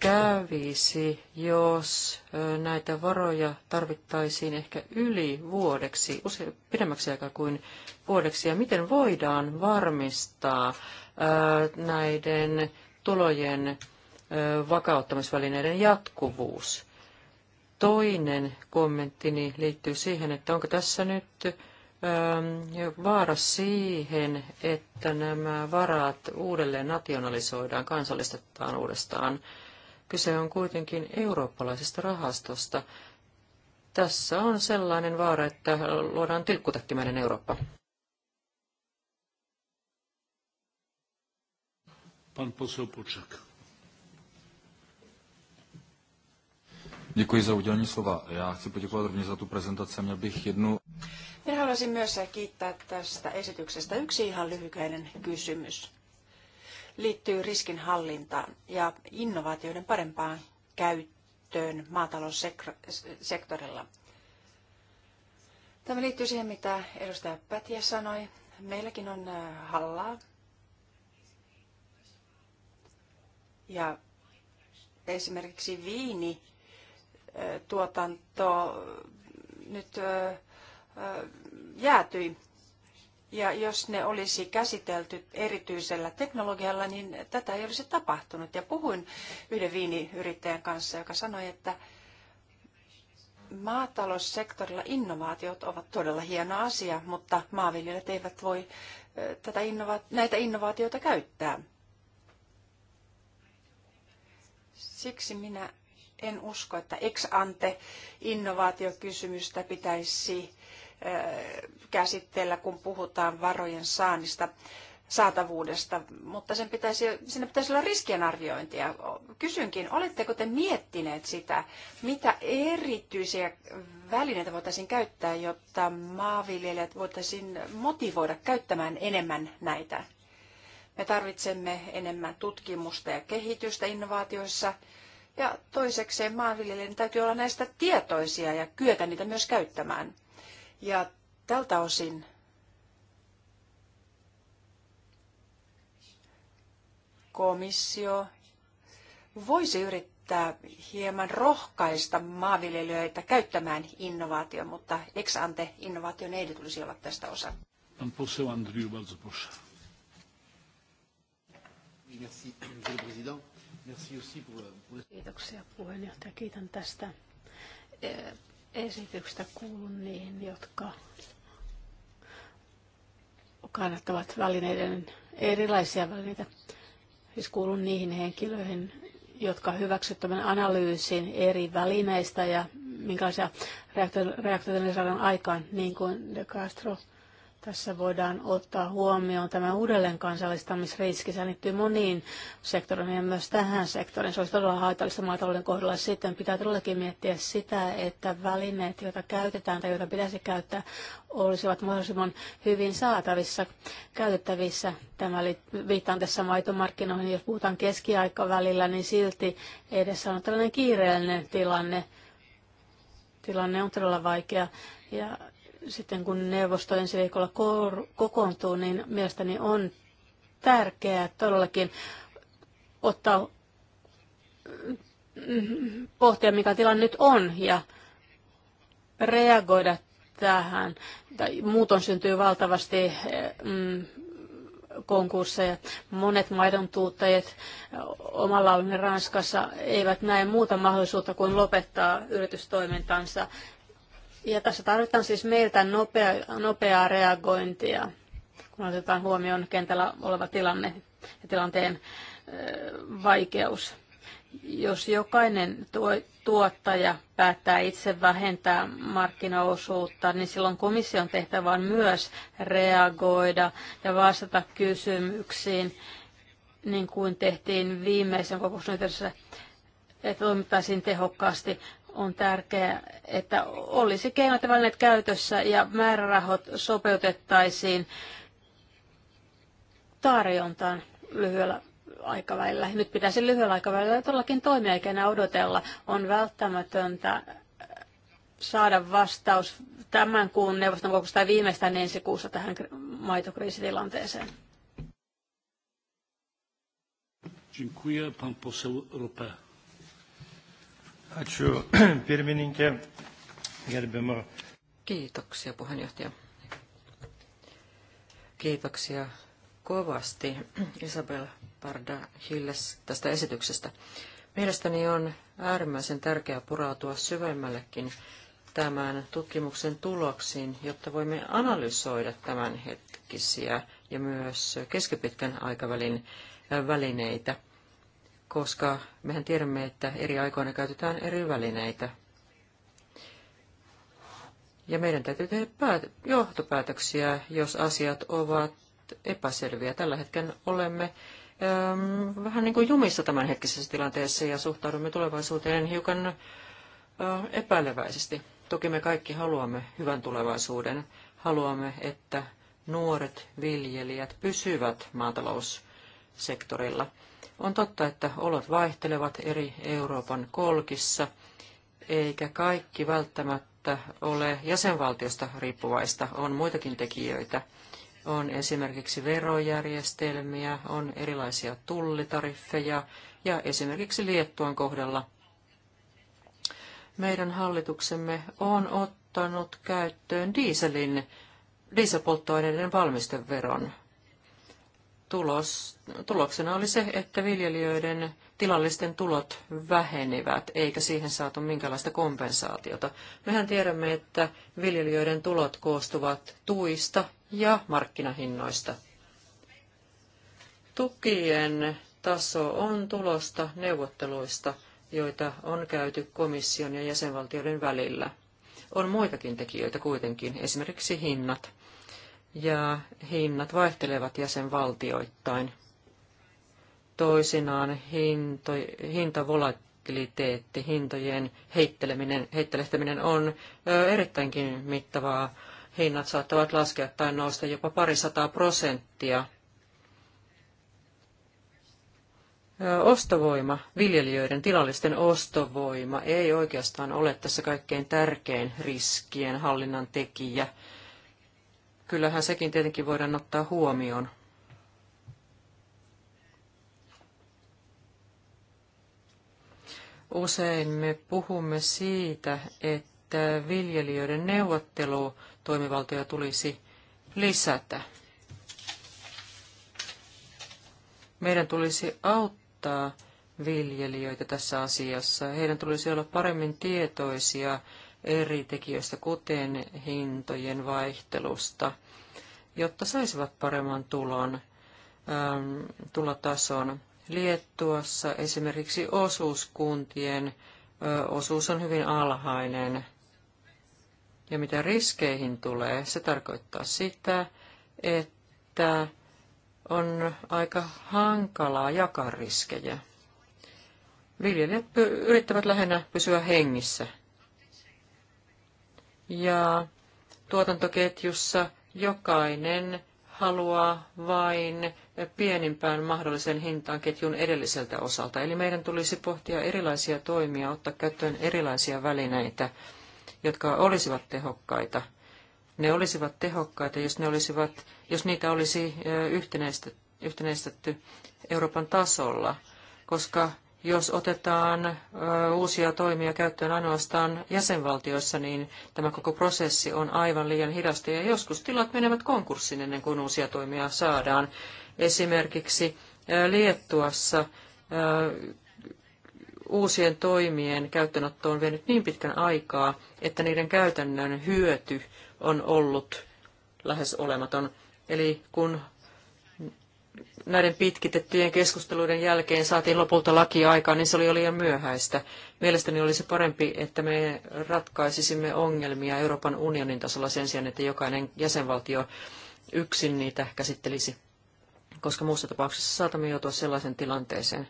kävisi, jos näitä varoja tarvittaisiin ehkä yli vuodeksi, usein pidemmäksi aikaa kuin vuodeksi, ja miten voidaan varmistaa näiden tulojen vakauttamisvälineiden jatkuvuus? Toinen kommenttini liittyy siihen, että onko tässä nyt vaara siihen, että nämä varat uudelleen nationalisoidaan, kansallistetaan uudestaan. Kyse on kuitenkin eurooppalaisesta rahastosta. Tässä on sellainen vaara, että luodaan tilkkutäkkimäinen Eurooppa.
Pan poseł Poczek. Děkuji za udělení slova. Já chci poděkovat rovněž za tu prezentaci. Měl bych jednu...
Minä haluaisin myös kiittää tästä esityksestä. Yksi ihan lyhykäinen kysymys liittyy riskinhallintaan ja innovaatioiden parempaan käyttöön maataloussektorilla. Tämä liittyy siihen, mitä edustaja Pätiä sanoi. Meilläkin on äh, hallaa. Ja esimerkiksi viini tuotanto nyt jäätyi. Ja jos ne olisi käsitelty erityisellä teknologialla, niin tätä ei olisi tapahtunut. Ja puhuin yhden viiniyrittäjän kanssa, joka sanoi, että maataloussektorilla innovaatiot ovat todella hieno asia, mutta maanviljelijät eivät voi tätä innova- näitä innovaatioita käyttää. Siksi minä en usko, että ex ante innovaatiokysymystä pitäisi käsitellä, kun puhutaan varojen saannista saatavuudesta, mutta sen pitäisi, siinä pitäisi olla riskienarviointia. Kysynkin, oletteko te miettineet sitä, mitä erityisiä välineitä voitaisiin käyttää, jotta maanviljelijät voitaisiin motivoida käyttämään enemmän näitä? Me tarvitsemme enemmän tutkimusta ja kehitystä innovaatioissa, ja toisekseen maanviljelijöiden täytyy olla näistä tietoisia ja kyetä niitä myös käyttämään. Ja tältä osin komissio voisi yrittää hieman rohkaista maanviljelijöitä käyttämään innovaatio, mutta ex ante innovaation ei tulisi olla tästä osa.
Merci, monsieur le président. Euh,
Kiitoksia puheenjohtaja. Kiitän tästä eh, esityksestä. Kuulun niihin, jotka kannattavat välineiden, erilaisia välineitä. Siis kuulun niihin henkilöihin, jotka hyväksyvät tämän analyysin eri välineistä ja minkälaisia reaktioita ne saadaan aikaan, niin kuin De Castro tässä voidaan ottaa huomioon tämä uudelleen kansallistamisriski. Se liittyy moniin sektoreihin ja myös tähän sektoriin. Se olisi todella haitallista maatalouden kohdalla. Sitten pitää todellakin miettiä sitä, että välineet, joita käytetään tai joita pitäisi käyttää, olisivat mahdollisimman hyvin saatavissa, käytettävissä. Tämä viittaan tässä maitomarkkinoihin. Jos puhutaan keskiaikavälillä, niin silti edessä on tällainen kiireellinen tilanne. Tilanne on todella vaikea ja sitten kun neuvosto ensi viikolla kokoontuu, niin mielestäni on tärkeää todellakin ottaa pohtia, mikä tilanne nyt on ja reagoida tähän. Muuton syntyy valtavasti mm, konkursseja. Monet maidon tuottajat omalla alueella Ranskassa eivät näe muuta mahdollisuutta kuin lopettaa yritystoimintansa ja tässä tarvitaan siis meiltä nopea, nopeaa reagointia, kun otetaan huomioon kentällä oleva tilanne ja tilanteen vaikeus. Jos jokainen tuottaja päättää itse vähentää markkinaosuutta, niin silloin komission tehtävä on myös reagoida ja vastata kysymyksiin, niin kuin tehtiin viimeisen kokouksen yhteydessä, että toimittaisiin tehokkaasti on tärkeää, että olisi keinot ja välineet käytössä ja määrärahot sopeutettaisiin tarjontaan lyhyellä aikavälillä. Nyt pitäisi lyhyellä aikavälillä todellakin toimia eikä enää odotella. On välttämätöntä saada vastaus tämän kuun neuvoston kokouksesta viimeistään ensi kuussa tähän maitokriisitilanteeseen.
Dziękuję. Pan poseł Rope. Ačiū pirmininkė, gerbiama.
Kiitoksia puheenjohtaja. Kiitoksia kovasti Isabel Parda Hilles tästä esityksestä. Mielestäni on äärimmäisen tärkeää purautua syvemmällekin tämän tutkimuksen tuloksiin, jotta voimme analysoida tämänhetkisiä ja myös keskipitkän aikavälin välineitä – koska mehän tiedämme, että eri aikoina käytetään eri välineitä. Ja meidän täytyy tehdä päät- johtopäätöksiä, jos asiat ovat epäselviä. Tällä hetkellä olemme äm, vähän niin kuin jumissa tämänhetkisessä tilanteessa ja suhtaudumme tulevaisuuteen hiukan äh, epäileväisesti. Toki me kaikki haluamme hyvän tulevaisuuden. Haluamme, että nuoret viljelijät pysyvät maataloussektorilla. On totta, että olot vaihtelevat eri Euroopan kolkissa, eikä kaikki välttämättä ole jäsenvaltiosta riippuvaista. On muitakin tekijöitä. On esimerkiksi verojärjestelmiä, on erilaisia tullitariffeja ja esimerkiksi Liettuan kohdalla meidän hallituksemme on ottanut käyttöön dieselin, dieselpolttoaineiden valmisteveron tulos, tuloksena oli se, että viljelijöiden tilallisten tulot vähenivät, eikä siihen saatu minkälaista kompensaatiota. Mehän tiedämme, että viljelijöiden tulot koostuvat tuista ja markkinahinnoista. Tukien taso on tulosta neuvotteluista, joita on käyty komission ja jäsenvaltioiden välillä. On muitakin tekijöitä kuitenkin, esimerkiksi hinnat ja hinnat vaihtelevat jäsenvaltioittain. Toisinaan hinto, hintavolatiliteetti, hintojen heitteleminen, heittelehtäminen on ö, erittäinkin mittavaa. Hinnat saattavat laskea tai nousta jopa parisataa prosenttia. Ostovoima, viljelijöiden tilallisten ostovoima ei oikeastaan ole tässä kaikkein tärkein riskien hallinnan tekijä kyllähän sekin tietenkin voidaan ottaa huomioon. Usein me puhumme siitä, että viljelijöiden toimivaltoja tulisi lisätä. Meidän tulisi auttaa viljelijöitä tässä asiassa. Heidän tulisi olla paremmin tietoisia eri tekijöistä, kuten hintojen vaihtelusta, jotta saisivat paremman tulon, ähm, tulotason. Liettuassa esimerkiksi osuuskuntien ö, osuus on hyvin alhainen. Ja mitä riskeihin tulee, se tarkoittaa sitä, että on aika hankalaa jakaa riskejä. Viljelijät yrittävät lähinnä pysyä hengissä ja tuotantoketjussa jokainen haluaa vain pienimpään mahdollisen hintaan ketjun edelliseltä osalta. Eli meidän tulisi pohtia erilaisia toimia, ottaa käyttöön erilaisia välineitä, jotka olisivat tehokkaita. Ne olisivat tehokkaita, jos, ne olisivat, jos niitä olisi yhtenäistetty Euroopan tasolla, koska jos otetaan uusia toimia käyttöön ainoastaan jäsenvaltioissa, niin tämä koko prosessi on aivan liian hidasta ja joskus tilat menevät konkurssiin ennen kuin uusia toimia saadaan. Esimerkiksi Liettuassa uusien toimien käyttöönotto on vienyt niin pitkän aikaa, että niiden käytännön hyöty on ollut lähes olematon. Eli kun näiden pitkitettyjen keskusteluiden jälkeen saatiin lopulta laki aikaan, niin se oli jo liian myöhäistä. Mielestäni olisi parempi, että me ratkaisisimme ongelmia Euroopan unionin tasolla sen sijaan, että jokainen jäsenvaltio yksin niitä käsittelisi, koska muussa tapauksessa saatamme joutua sellaisen tilanteeseen,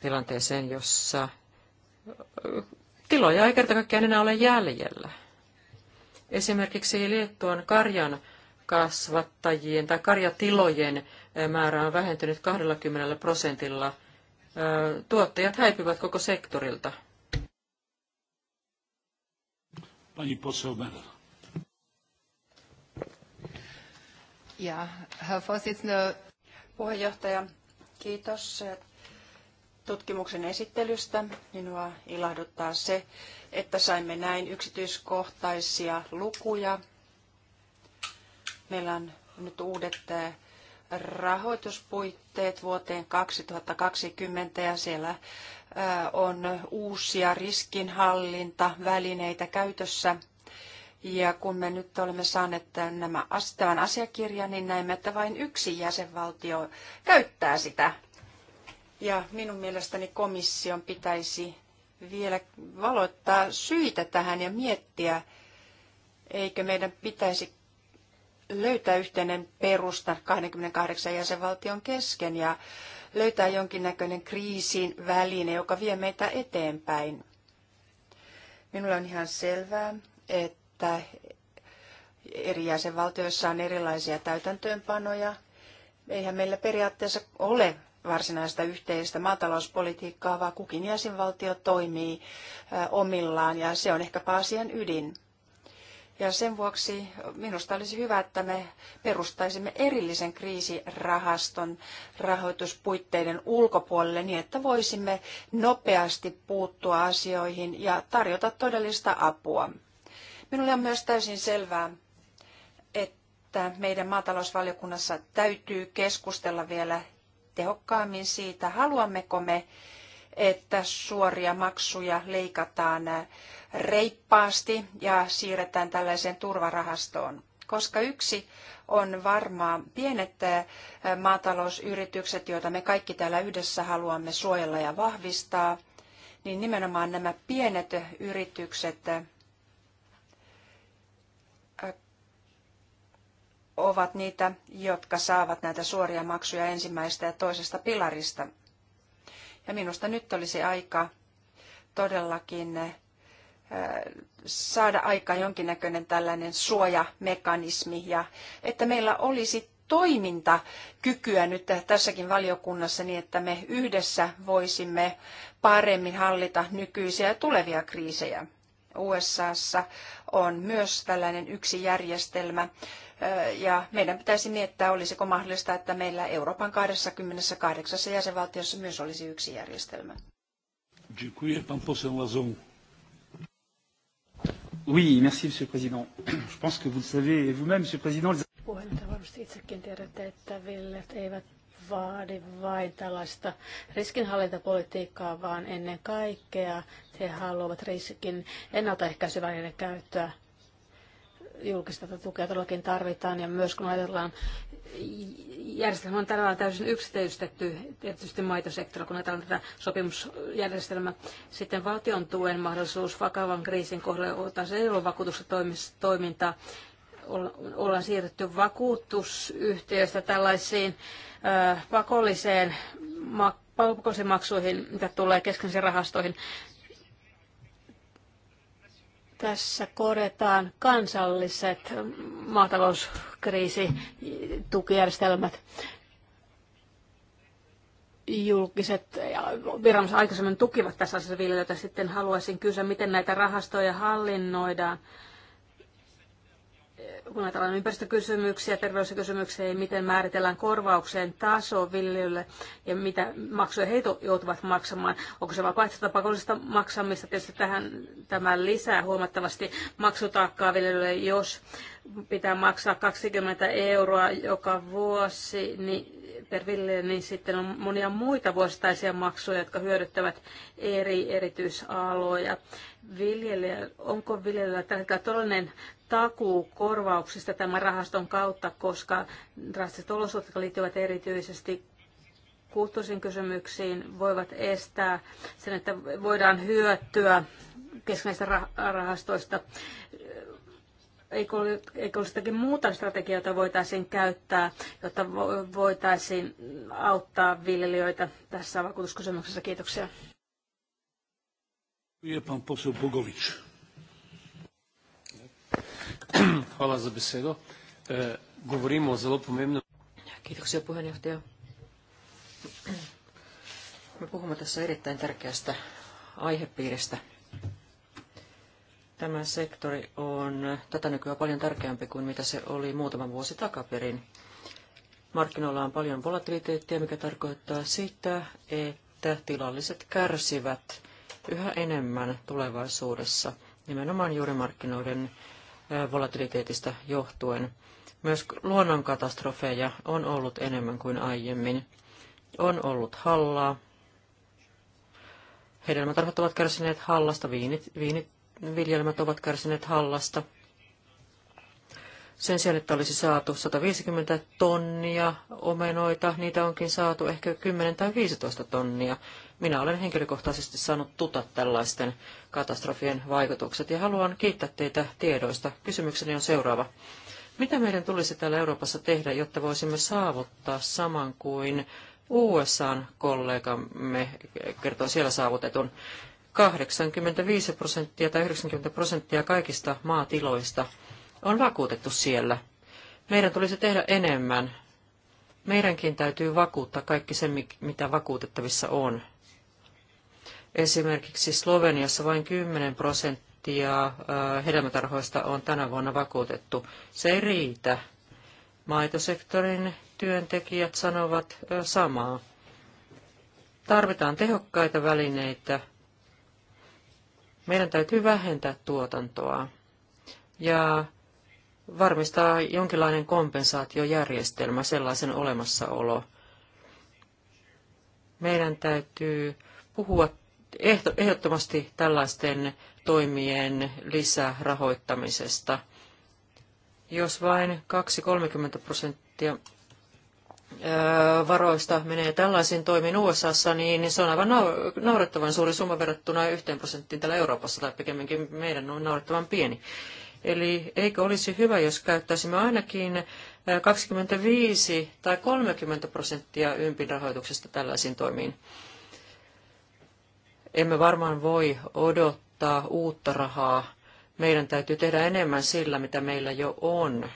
tilanteeseen jossa tiloja ei kerta kaikkiaan enää ole jäljellä. Esimerkiksi Liettuan karjan karjakasvattajien tai karjatilojen määrä on vähentynyt 20 prosentilla. Tuottajat häipyvät koko sektorilta. Pani poseł Ja,
Puheenjohtaja, kiitos tutkimuksen esittelystä. Minua ilahduttaa se, että saimme näin yksityiskohtaisia lukuja Meillä on nyt uudet äh, rahoituspuitteet vuoteen 2020 ja siellä äh, on uusia riskinhallintavälineitä käytössä. Ja kun me nyt olemme saaneet nämä, tämän asiakirjan, niin näemme, että vain yksi jäsenvaltio käyttää sitä. Ja minun mielestäni komission pitäisi vielä valottaa syitä tähän ja miettiä, eikö meidän pitäisi löytää yhteinen perusta 28 jäsenvaltion kesken ja löytää jonkinnäköinen kriisin väline, joka vie meitä eteenpäin. Minulla on ihan selvää, että eri jäsenvaltioissa on erilaisia täytäntöönpanoja. Eihän meillä periaatteessa ole varsinaista yhteistä maatalouspolitiikkaa, vaan kukin jäsenvaltio toimii omillaan ja se on ehkä asian ydin. Ja sen vuoksi minusta olisi hyvä, että me perustaisimme erillisen kriisirahaston rahoituspuitteiden ulkopuolelle niin, että voisimme nopeasti puuttua asioihin ja tarjota todellista apua. Minulle on myös täysin selvää, että meidän maatalousvaliokunnassa täytyy keskustella vielä tehokkaammin siitä, haluammeko me että suoria maksuja leikataan reippaasti ja siirretään tällaiseen turvarahastoon. Koska yksi on varmaa, pienet maatalousyritykset, joita me kaikki täällä yhdessä haluamme suojella ja vahvistaa, niin nimenomaan nämä pienet yritykset ovat niitä, jotka saavat näitä suoria maksuja ensimmäistä ja toisesta pilarista. Ja minusta nyt olisi aika todellakin äh, saada aikaan jonkinnäköinen tällainen suojamekanismi ja että meillä olisi toimintakykyä nyt tässäkin valiokunnassa niin, että me yhdessä voisimme paremmin hallita nykyisiä ja tulevia kriisejä. USAssa on myös tällainen yksi järjestelmä, ja meidän pitäisi miettiä, olisiko mahdollista, että meillä Euroopan 28 jäsenvaltiossa myös olisi yksi järjestelmä.
Dziękuję, pan poseł Lazon. Oui, merci, monsieur le président. Je pense que vous le savez vous-même, monsieur le président.
Puheenjohtaja varmasti itsekin tiedätte, että villet eivät vaadi vain tällaista riskinhallintapolitiikkaa, vaan ennen kaikkea he haluavat riskin ennaltaehkäisyvälineiden käyttöä julkista tukea todellakin tarvitaan ja myös kun ajatellaan järjestelmä on tällä täysin yksityistetty, tietysti maitosektorilla, kun ajatellaan tätä sopimusjärjestelmää. Sitten valtion tuen mahdollisuus vakavan kriisin kohdalla taas ei ollut vakuutusta toimintaa. Ollaan siirretty vakuutusyhtiöistä tällaisiin pakolliseen pakolliseen maksuihin, mitä tulee keskeisiin rahastoihin. Tässä koretaan kansalliset maatalouskriisitukijärjestelmät julkiset viranomaiset aikaisemmin tukivat tässä asiassa viljelijöitä. Sitten haluaisin kysyä, miten näitä rahastoja hallinnoidaan kun ajatellaan ympäristökysymyksiä, terveyskysymyksiä ja miten määritellään korvauksen taso viljelijöille ja mitä maksuja he joutuvat maksamaan. Onko se vapaaehtoista pakollisesta maksamista? Tietysti tähän tämä lisää huomattavasti maksutaakkaa viljelijöille, jos pitää maksaa 20 euroa joka vuosi niin per viljelijä, niin sitten on monia muita vuosittaisia maksuja, jotka hyödyttävät eri erityisaloja. Viljelijä, onko viljelijällä tällä hetkellä todellinen takuu korvauksista tämän rahaston kautta, koska drastiset olosuhteet liittyvät erityisesti kulttuurisiin kysymyksiin, voivat estää sen, että voidaan hyötyä keskinäisistä rahastoista. Eikö, ole, eikö olisi jotakin muuta strategiaa, jota voitaisiin käyttää, jotta voitaisiin auttaa viljelijöitä tässä vakuutuskysymyksessä? Kiitoksia.
Pan poseł Bogowicz. Hvala za besedo. E, govorimo o zelo pomembnem...
Kiitoksia puheenjohtaja. Me puhumme tässä erittäin tärkeästä aihepiiristä. Tämä sektori on tätä nykyään paljon tärkeämpi kuin mitä se oli muutama vuosi takaperin. Markkinoilla on paljon volatiliteettia, mikä tarkoittaa sitä, että tilalliset kärsivät yhä enemmän tulevaisuudessa, nimenomaan juuri markkinoiden volatiliteetista johtuen. Myös luonnonkatastrofeja on ollut enemmän kuin aiemmin. On ollut hallaa. Hedelmätarhat ovat kärsineet hallasta, viinit, viinit, viljelmät ovat kärsineet hallasta. Sen sijaan, että olisi saatu 150 tonnia omenoita, niitä onkin saatu ehkä 10 tai 15 tonnia. Minä olen henkilökohtaisesti saanut tuta tällaisten katastrofien vaikutukset ja haluan kiittää teitä tiedoista. Kysymykseni on seuraava. Mitä meidän tulisi täällä Euroopassa tehdä, jotta voisimme saavuttaa saman kuin USAn kollegamme kertoo siellä saavutetun 85 prosenttia tai 90 prosenttia kaikista maatiloista on vakuutettu siellä. Meidän tulisi tehdä enemmän. Meidänkin täytyy vakuuttaa kaikki se, mitä vakuutettavissa on. Esimerkiksi Sloveniassa vain 10 prosenttia hedelmätarhoista on tänä vuonna vakuutettu. Se ei riitä. Maitosektorin työntekijät sanovat samaa. Tarvitaan tehokkaita välineitä. Meidän täytyy vähentää tuotantoa ja varmistaa jonkinlainen kompensaatiojärjestelmä, sellaisen olemassaolo. Meidän täytyy puhua ehdottomasti tällaisten toimien lisärahoittamisesta. Jos vain 2-30 prosenttia varoista menee tällaisiin toimiin USAssa, niin se on aivan naurettavan suuri summa verrattuna 1 prosenttiin täällä Euroopassa, tai pikemminkin meidän on naurettavan pieni. Eli eikö olisi hyvä, jos käyttäisimme ainakin 25 tai 30 prosenttia ympin rahoituksesta tällaisiin toimiin? Emme varmaan voi odottaa uutta rahaa. Meidän täytyy tehdä enemmän sillä, mitä meillä jo on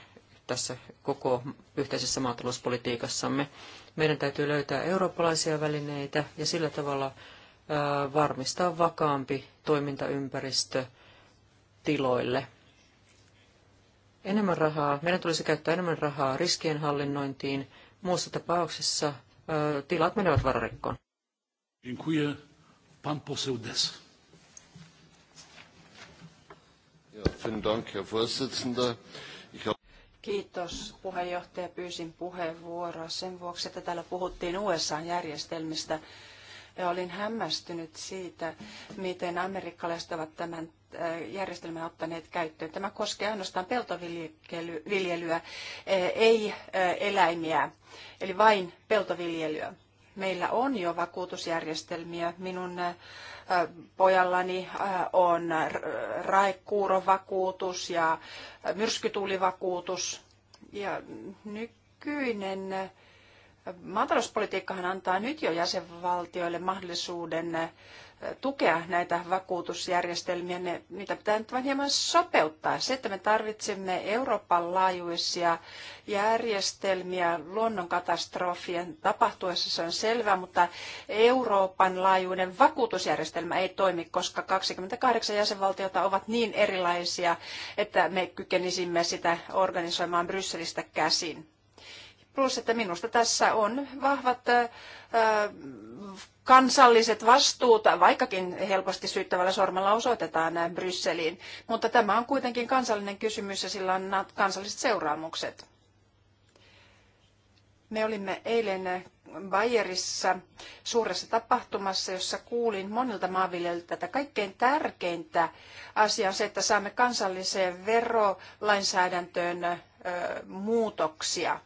tässä koko yhteisessä maatalouspolitiikassamme. Meidän täytyy löytää eurooppalaisia välineitä ja sillä tavalla varmistaa vakaampi toimintaympäristö tiloille. Enemmän rahaa, meidän tulisi käyttää enemmän rahaa riskien hallinnointiin, muussa tapauksessa tilat menevät vararikkoon. Dziękuję. Pan poseł Des.
Kiitos puheenjohtaja. Pyysin puheenvuoroa sen vuoksi, että täällä puhuttiin USA-järjestelmistä. Ja olin hämmästynyt siitä, miten amerikkalaiset ovat tämän äh, järjestelmän ottaneet käyttöön. Tämä koskee ainoastaan peltoviljelyä, äh, ei äh, eläimiä, eli vain peltoviljelyä. Meillä on jo vakuutusjärjestelmiä. Minun pojallani on raekuurovakuutus ja myrskytuulivakuutus. Ja nykyinen maatalouspolitiikkahan antaa nyt jo jäsenvaltioille mahdollisuuden tukea näitä vakuutusjärjestelmiä, ne, niitä pitää nyt vain hieman sopeuttaa. Se, että me tarvitsemme Euroopan laajuisia järjestelmiä luonnonkatastrofien tapahtuessa, se on selvää, mutta Euroopan laajuinen vakuutusjärjestelmä ei toimi, koska 28 jäsenvaltiota ovat niin erilaisia, että me kykenisimme sitä organisoimaan Brysselistä käsin. Plus, että minusta tässä on vahvat kansalliset vastuut, vaikkakin helposti syyttävällä sormella osoitetaan näin Brysseliin, mutta tämä on kuitenkin kansallinen kysymys ja sillä on kansalliset seuraamukset. Me olimme eilen Bayerissa suuressa tapahtumassa, jossa kuulin monilta maanviljelijöiltä, että kaikkein tärkeintä asia on se, että saamme kansalliseen verolainsäädäntöön muutoksia.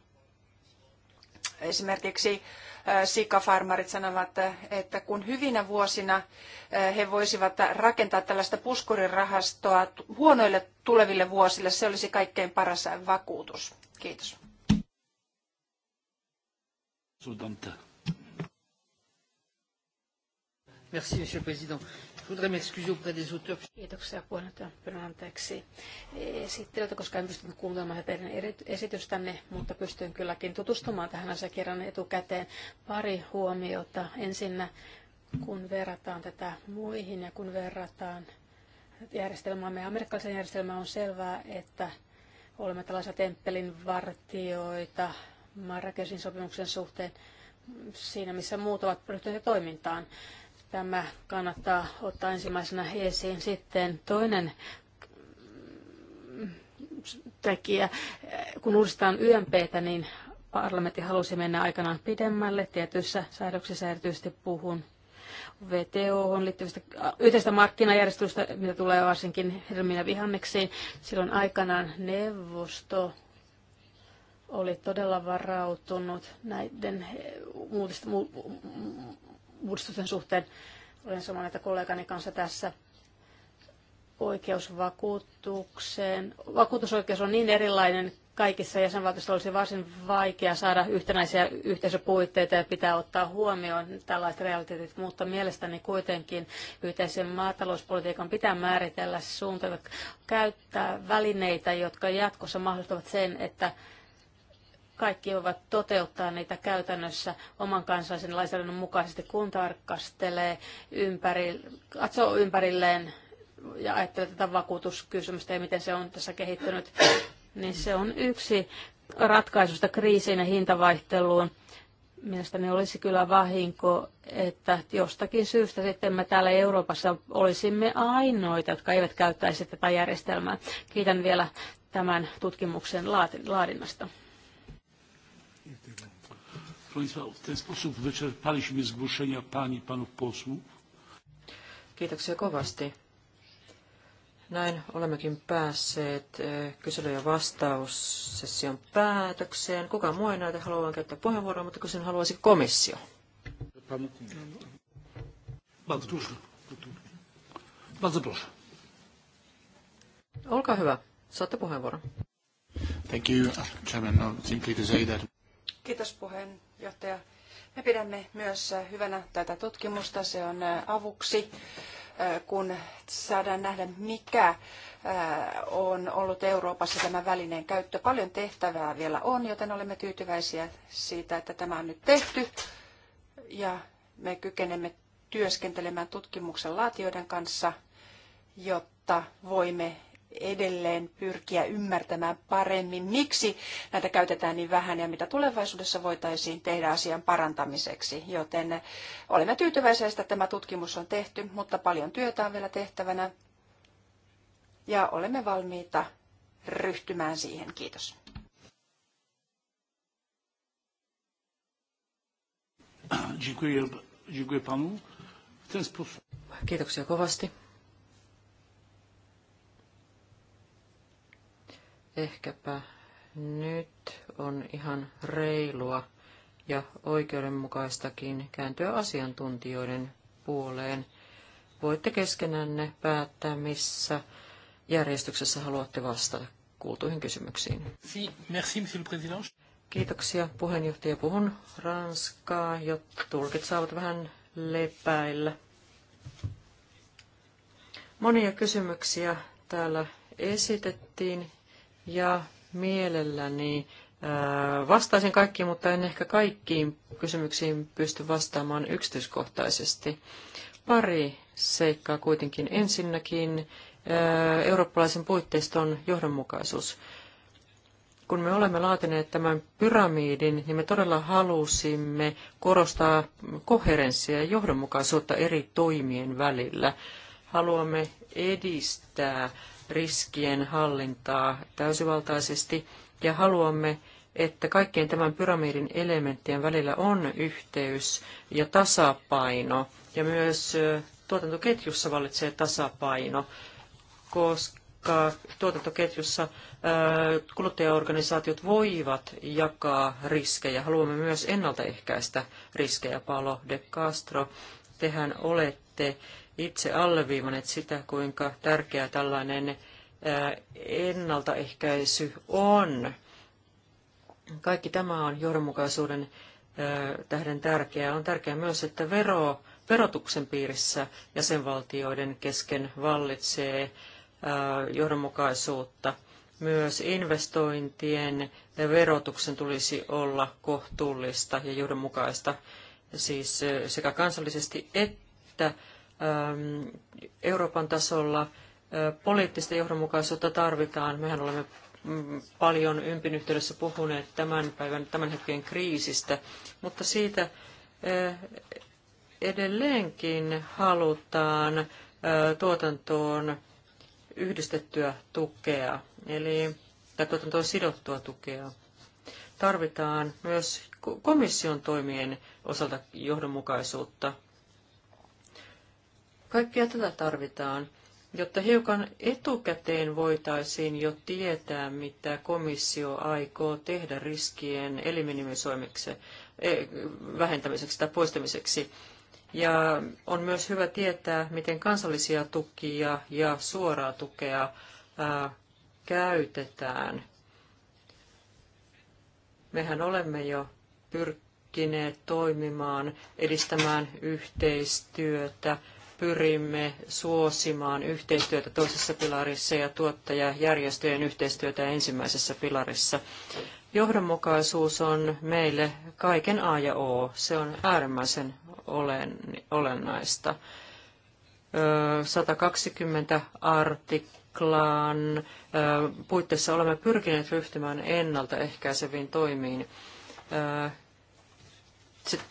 Esimerkiksi Äh, sikafarmarit sanovat, että kun hyvinä vuosina äh, he voisivat rakentaa tällaista puskurirahastoa huonoille tuleville vuosille, se olisi kaikkein paras vakuutus. Kiitos.
Merci, monsieur le président. Kiitoksia puheenjohtaja. Pyydän anteeksi esittelytä, koska en pystynyt kuuntelemaan teidän esitystänne, mutta pystyn kylläkin tutustumaan tähän asiakirjan etukäteen. Pari huomiota. Ensinnä kun verrataan tätä muihin ja kun verrataan järjestelmäämme ja amerikkalaisen järjestelmään on selvää, että olemme tällaisia temppelin vartioita Marrakesin sopimuksen suhteen siinä, missä muut ovat ryhtyneet toimintaan. Tämä kannattaa ottaa ensimmäisenä esiin. Sitten toinen mm, tekijä. Kun uudistetaan YMPtä, niin parlamentti halusi mennä aikanaan pidemmälle. Tietyissä säädöksissä erityisesti puhun VTOhon liittyvistä yhteistä markkinajärjestelystä, mitä tulee varsinkin ja vihanneksiin. Silloin aikanaan neuvosto oli todella varautunut näiden eh, uudistusten suhteen. Olen samaa mieltä kollegani kanssa tässä oikeusvakuutukseen. Vakuutusoikeus on niin erilainen kaikissa jäsenvaltioissa olisi varsin vaikea saada yhtenäisiä yhteisöpuitteita ja pitää ottaa huomioon tällaiset realiteetit, mutta mielestäni kuitenkin yhteisen maatalouspolitiikan pitää määritellä suunta, käyttää välineitä, jotka jatkossa mahdollistavat sen, että kaikki voivat toteuttaa niitä käytännössä oman kansallisen lainsäädännön mukaisesti, kun tarkastelee ympäri, katsoo ympärilleen ja ajattelee tätä vakuutuskysymystä ja miten se on tässä kehittynyt, niin se on yksi ratkaisusta kriisiin ja hintavaihteluun. Mielestäni olisi kyllä vahinko, että jostakin syystä sitten me täällä Euroopassa olisimme ainoita, jotka eivät käyttäisi tätä järjestelmää. Kiitän vielä tämän tutkimuksen laadinnasta.
Proszę w ten sposób wyczerpaliśmy zgłoszenia pani i panów posłów.
Kiitoksia kovasti. Näin olemmekin päässeet e, kysely- ja vastaussession päätökseen. Kuka muu ei näitä halua käyttää puheenvuoroa, mutta kysyn haluaisi komissio. Olkaa hyvä. Saatte puheenvuoron. Thank you, Chairman. No, simply to say that... Kiitos
puheen johtaja. Me pidämme myös hyvänä tätä tutkimusta. Se on avuksi, kun saadaan nähdä, mikä on ollut Euroopassa tämä välineen käyttö. Paljon tehtävää vielä on, joten olemme tyytyväisiä siitä, että tämä on nyt tehty. Ja me kykenemme työskentelemään tutkimuksen laatijoiden kanssa, jotta voimme edelleen pyrkiä ymmärtämään paremmin, miksi näitä käytetään niin vähän ja mitä tulevaisuudessa voitaisiin tehdä asian parantamiseksi. Joten olemme tyytyväisiä, että tämä tutkimus on tehty, mutta paljon työtä on vielä tehtävänä ja olemme valmiita ryhtymään siihen. Kiitos.
Kiitoksia kovasti. Ehkäpä nyt on ihan reilua ja oikeudenmukaistakin kääntyä asiantuntijoiden puoleen. Voitte keskenänne päättää, missä järjestyksessä haluatte vastata kuultuihin kysymyksiin. merci, Kiitoksia puheenjohtaja. Puhun ranskaa, jotta tulkit saavat vähän lepäillä. Monia kysymyksiä täällä esitettiin ja mielelläni äh, vastaisin kaikkiin, mutta en ehkä kaikkiin kysymyksiin pysty vastaamaan yksityiskohtaisesti. Pari seikkaa kuitenkin. Ensinnäkin äh, eurooppalaisen puitteiston johdonmukaisuus. Kun me olemme laatineet tämän pyramidin, niin me todella halusimme korostaa koherenssia ja johdonmukaisuutta eri toimien välillä. Haluamme edistää riskien hallintaa täysivaltaisesti ja haluamme, että kaikkien tämän pyramidin elementtien välillä on yhteys ja tasapaino ja myös tuotantoketjussa vallitsee tasapaino, koska tuotantoketjussa kuluttajaorganisaatiot voivat jakaa riskejä. Haluamme myös ennaltaehkäistä riskejä. Paolo de Castro, tehän olette olette itse alleviivanneet sitä, kuinka tärkeää tällainen ennaltaehkäisy on. Kaikki tämä on johdonmukaisuuden tähden tärkeää. On tärkeää myös, että vero, verotuksen piirissä jäsenvaltioiden kesken vallitsee johdonmukaisuutta. Myös investointien verotuksen tulisi olla kohtuullista ja johdonmukaista, siis sekä kansallisesti että Ähm, Euroopan tasolla äh, poliittista johdonmukaisuutta tarvitaan. Mehän olemme mm, paljon ympin yhteydessä puhuneet tämän päivän, tämän hetken kriisistä, mutta siitä äh, edelleenkin halutaan äh, tuotantoon yhdistettyä tukea, eli tai tuotantoon sidottua tukea. Tarvitaan myös komission toimien osalta johdonmukaisuutta. Kaikkea tätä tarvitaan, jotta hiukan etukäteen voitaisiin jo tietää, mitä komissio aikoo tehdä riskien eliminimisoimiksi, eh, vähentämiseksi tai poistamiseksi. Ja on myös hyvä tietää, miten kansallisia tukia ja suoraa tukea käytetään. Mehän olemme jo pyrkineet toimimaan, edistämään yhteistyötä pyrimme suosimaan yhteistyötä toisessa pilarissa ja tuottajajärjestöjen yhteistyötä ensimmäisessä pilarissa. Johdonmukaisuus on meille kaiken A ja O. Se on äärimmäisen olennaista. 120 artiklan puitteissa olemme pyrkineet ryhtymään ennaltaehkäiseviin toimiin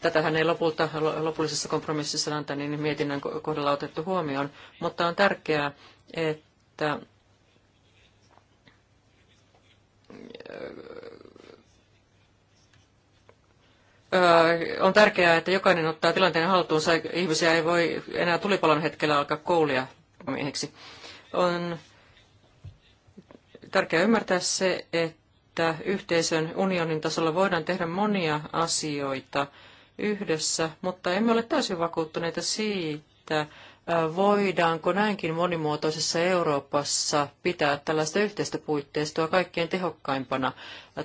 tätähän ei lopulta, lopullisessa kompromississa niin mietinnän kohdalla otettu huomioon, mutta on tärkeää, että äh, äh, on tärkeää, että jokainen ottaa tilanteen haltuunsa. Ihmisiä ei voi enää tulipalon hetkellä alkaa koulia miehiksi. On tärkeää ymmärtää se, että että yhteisön unionin tasolla voidaan tehdä monia asioita yhdessä, mutta emme ole täysin vakuuttuneita siitä, voidaanko näinkin monimuotoisessa Euroopassa pitää tällaista yhteistä puitteistoa kaikkein tehokkaimpana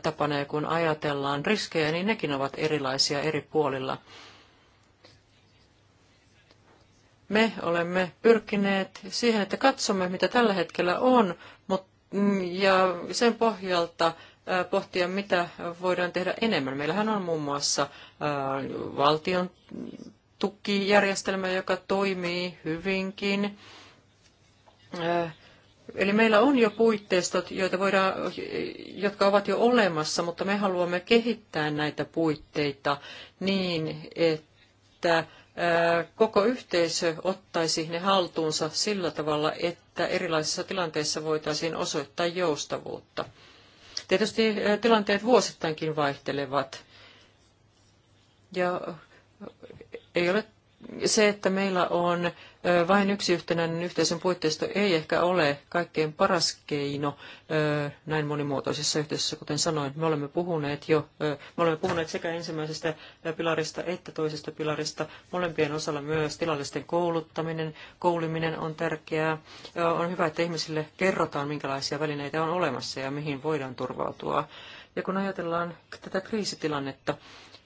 tapana, ja kun ajatellaan riskejä, niin nekin ovat erilaisia eri puolilla. Me olemme pyrkineet siihen, että katsomme, mitä tällä hetkellä on, mutta mm, ja sen pohjalta pohtia, mitä voidaan tehdä enemmän. Meillähän on muun muassa valtion tukijärjestelmä, joka toimii hyvinkin. Eli meillä on jo puitteistot, joita voidaan, jotka ovat jo olemassa, mutta me haluamme kehittää näitä puitteita niin, että koko yhteisö ottaisi ne haltuunsa sillä tavalla, että erilaisissa tilanteissa voitaisiin osoittaa joustavuutta. Tietysti eh, tilanteet vuosittainkin vaihtelevat. Ja ei ole se, että meillä on vain yksi yhtenäinen yhteisön puitteisto, ei ehkä ole kaikkein paras keino näin monimuotoisessa yhteisössä, kuten sanoin. Me olemme puhuneet jo, me olemme puhuneet sekä ensimmäisestä pilarista että toisesta pilarista. Molempien osalla myös tilallisten kouluttaminen, kouliminen on tärkeää. On hyvä, että ihmisille kerrotaan, minkälaisia välineitä on olemassa ja mihin voidaan turvautua. Ja kun ajatellaan tätä kriisitilannetta,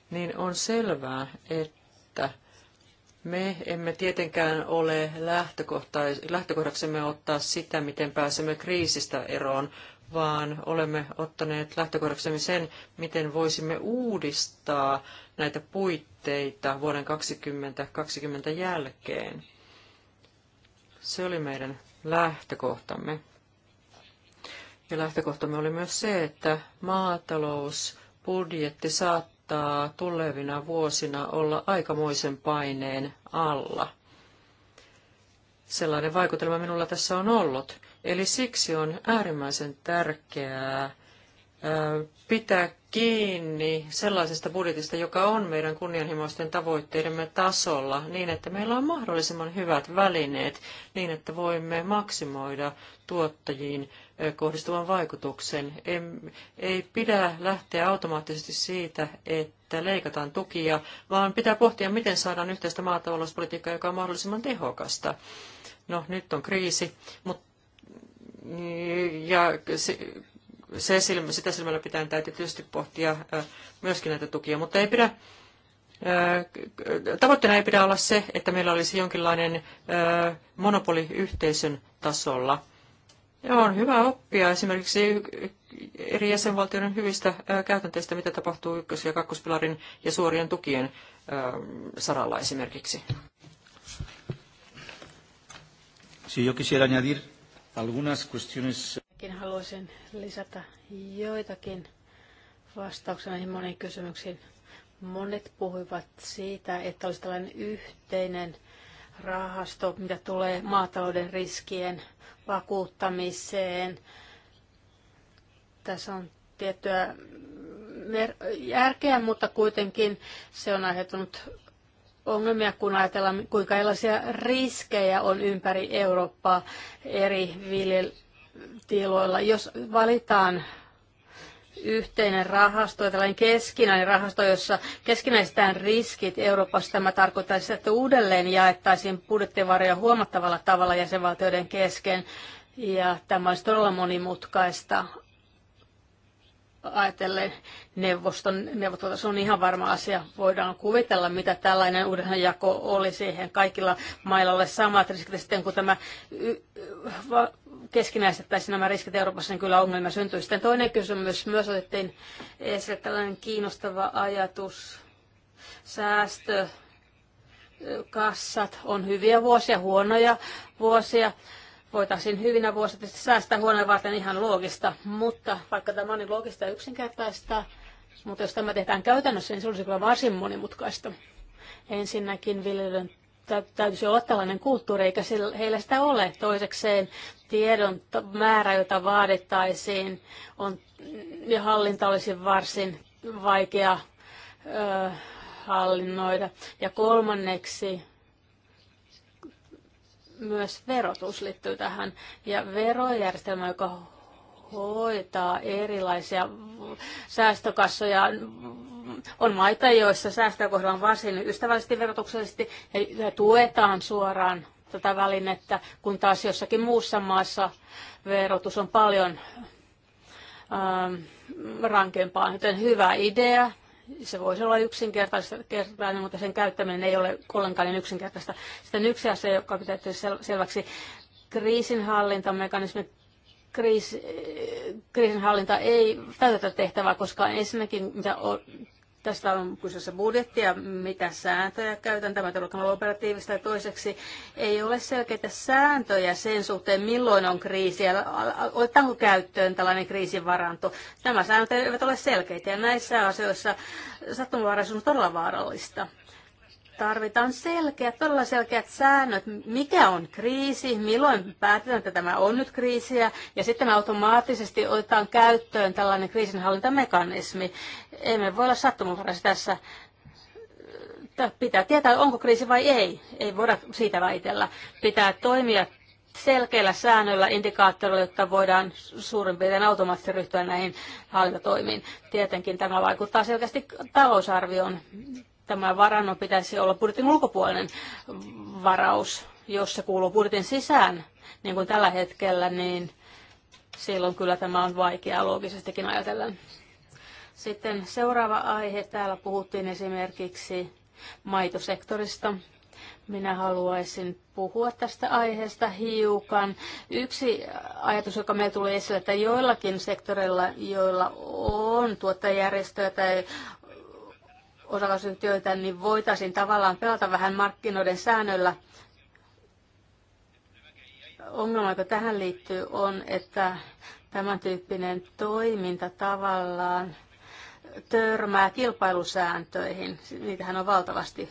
niin on selvää, että me emme tietenkään ole lähtökohdaksemme ottaa sitä, miten pääsemme kriisistä eroon, vaan olemme ottaneet lähtökohdaksemme sen, miten voisimme uudistaa näitä puitteita vuoden 2020 jälkeen. Se oli meidän lähtökohtamme. Ja lähtökohtamme oli myös se, että maatalousbudjetti saattaa saattaa tulevina vuosina olla aikamoisen paineen alla. Sellainen vaikutelma minulla tässä on ollut. Eli siksi on äärimmäisen tärkeää pitää kiinni sellaisesta budjetista, joka on meidän kunnianhimoisten tavoitteidemme tasolla, niin että meillä on mahdollisimman hyvät välineet, niin että voimme maksimoida tuottajiin kohdistuvan vaikutuksen. Ei pidä lähteä automaattisesti siitä, että leikataan tukia, vaan pitää pohtia, miten saadaan yhteistä maatalouspolitiikkaa, joka on mahdollisimman tehokasta. No, nyt on kriisi, mutta mm, ja se silmä, sitä silmällä pitää täytyy tietysti pohtia myöskin näitä tukia, mutta ei pidä, tavoitteena ei pidä olla se, että meillä olisi jonkinlainen monopoli yhteisön tasolla – ja on hyvä oppia esimerkiksi eri jäsenvaltioiden hyvistä käytänteistä, mitä tapahtuu ykkös- ja kakkospilarin ja suorien tukien saralla esimerkiksi.
Si yo quisiera añadir algunas cuestiones...
Eh, haluaisin lisätä joitakin vastauksia näihin moniin kysymyksiin. Monet puhuivat siitä, että olisi tällainen yhteinen rahasto, mitä tulee maatalouden riskien vakuuttamiseen. Tässä on tiettyä järkeä, mutta kuitenkin se on aiheuttanut ongelmia, kun ajatellaan, kuinka erilaisia riskejä on ympäri Eurooppaa eri viljelijöillä tiloilla. Jos valitaan yhteinen rahasto tällainen keskinäinen rahasto, jossa keskinäistään riskit Euroopassa. Tämä tarkoittaa sitä, että uudelleen jaettaisiin budjettivaroja huomattavalla tavalla jäsenvaltioiden kesken. Ja tämä olisi todella monimutkaista ajatellen neuvoston neuvottelua. Se on ihan varma asia. Voidaan kuvitella, mitä tällainen jako olisi Eihän kaikilla mailla ole samat riskit. Sitten kun tämä keskinäistettäisiin nämä riskit Euroopassa, niin kyllä ongelma syntyy. Sitten toinen kysymys myös otettiin esille tällainen kiinnostava ajatus. Säästö, kassat on hyviä vuosia, huonoja vuosia. Voitaisiin hyvinä vuosina säästää huonoja varten ihan loogista, mutta vaikka tämä on niin loogista ja yksinkertaista, mutta jos tämä tehdään käytännössä, niin se olisi kyllä varsin monimutkaista. Ensinnäkin viljelyn täytyisi olla tällainen kulttuuri, eikä heillä sitä ole. Toisekseen tiedon määrä, jota vaadittaisiin, on, ja hallinta olisi varsin vaikea ö, hallinnoida. Ja kolmanneksi myös verotus liittyy tähän. Ja verojärjestelmä, joka hoitaa erilaisia säästökassoja, on maita, joissa säästöä kohdellaan varsin ystävällisesti verotuksellisesti ja tuetaan suoraan tätä välinettä, kun taas jossakin muussa maassa verotus on paljon ähm, rankempaa. Joten hyvä idea, se voisi olla yksinkertainen, mutta sen käyttäminen ei ole ollenkaan niin yksinkertaista. Sitten yksi asia, joka pitää tehdä selväksi, kriisinhallintamekanismi, kriis, kriisinhallinta ei täytä tehtävää, koska ensinnäkin mitä Tästä on kyseessä budjetti ja mitä sääntöjä käytän. Tämä on operatiivista ja toiseksi ei ole selkeitä sääntöjä sen suhteen, milloin on kriisi ja otetaanko käyttöön tällainen kriisivaranto. Nämä säännöt eivät ole selkeitä ja näissä asioissa sattumavaraisuus on todella vaarallista. Tarvitaan selkeät, todella selkeät säännöt, mikä on kriisi, milloin päätetään, että tämä on nyt kriisiä, ja sitten automaattisesti otetaan käyttöön tällainen kriisinhallintamekanismi. Emme voi olla sattumanvaraisia tässä pitää tietää, onko kriisi vai ei. Ei voida siitä väitellä. Pitää toimia selkeillä säännöillä, indikaattoreilla, jotta voidaan suurin piirtein automaattisesti ryhtyä näihin hallintatoimiin. Tietenkin tämä vaikuttaa selkeästi talousarvioon tämä varannon pitäisi olla budjetin ulkopuolinen varaus. Jos se kuuluu budjetin sisään, niin kuin tällä hetkellä, niin silloin kyllä tämä on vaikeaa loogisestikin ajatellen. Sitten seuraava aihe. Täällä puhuttiin esimerkiksi maitosektorista. Minä haluaisin puhua tästä aiheesta hiukan. Yksi ajatus, joka meillä tuli esille, että joillakin sektoreilla, joilla on tuottajärjestöjä tai osakasyntiöitä, niin voitaisiin tavallaan pelata vähän markkinoiden säännöllä. Ongelma, joka tähän liittyy, on, että tämän tyyppinen toiminta tavallaan törmää kilpailusääntöihin. Niitähän on valtavasti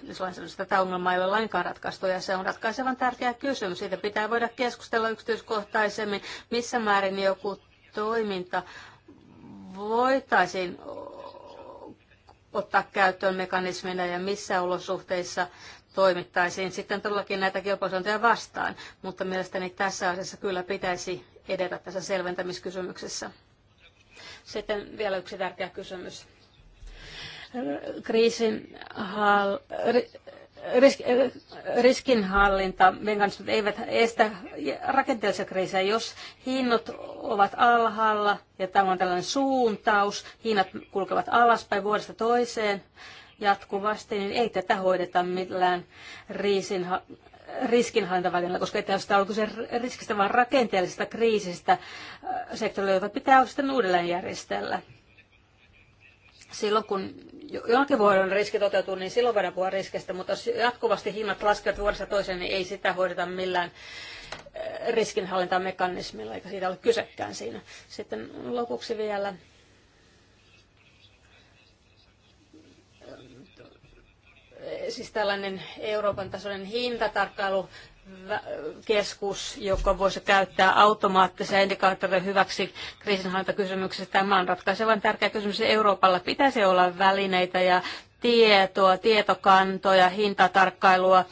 Tätä ongelmaa ei ole lainkaan ratkaistu ja se on ratkaisevan tärkeä kysymys. Siitä pitää voida keskustella yksityiskohtaisemmin, missä määrin joku toiminta voitaisiin ottaa käyttöön mekanismina ja missä olosuhteissa toimittaisiin sitten todellakin näitä kilpailusääntöjä vastaan, mutta mielestäni tässä asiassa kyllä pitäisi edetä tässä selventämiskysymyksessä. Sitten vielä yksi tärkeä kysymys. Kriisin risk, eh, riskinhallinta, mekanismit eivät estä rakenteellisia kriisejä. Jos hinnat ovat alhaalla ja tämä on tällainen suuntaus, hinnat kulkevat alaspäin vuodesta toiseen jatkuvasti, niin ei tätä hoideta millään riisin, riskinhallintavälineellä, koska ei tästä ole kyse riskistä, vaan rakenteellisesta kriisistä äh, sektorilla, jota pitää sitten uudelleen järjestellä. Silloin kun jonkin vuoden riski toteutuu, niin silloin voidaan puhua riskistä, mutta jos jatkuvasti hinnat laskevat vuodesta toiseen, niin ei sitä hoideta millään eh, riskinhallintamekanismilla, eikä siitä ole kysekään siinä. Sitten lopuksi vielä eh, siis tällainen Euroopan tasoinen hintatarkkailu keskus, joka voisi käyttää automaattisia indikaattoreja hyväksi kriisinhallintakysymyksessä. Tämä on ratkaisevan tärkeä kysymys. Euroopalla pitäisi olla välineitä ja tietoa, tietokantoja, hintatarkkailua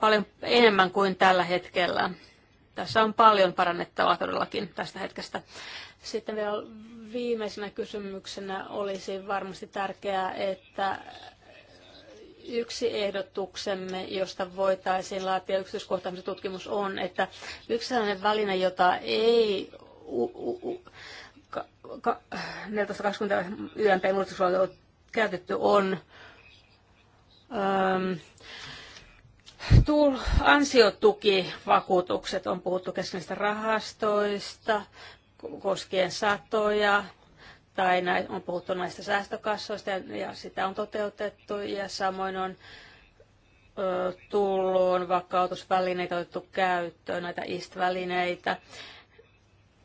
paljon enemmän kuin tällä hetkellä. Tässä on paljon parannettavaa todellakin tästä hetkestä. Sitten vielä viimeisenä kysymyksenä olisi varmasti tärkeää, että Yksi ehdotuksemme, josta voitaisiin laatia yksityiskohtainen tutkimus, on, että yksi sellainen väline, jota ei u, u, u, 1420 YMP-mullistuksella ole käytetty, on äm, Tuul, ansiotukivakuutukset on puhuttu keskeisistä rahastoista koskien satoja, tai näin, on puhuttu näistä säästökassoista ja, ja sitä on toteutettu ja samoin on tulluun vakautusvälineitä otettu käyttöön, näitä IST-välineitä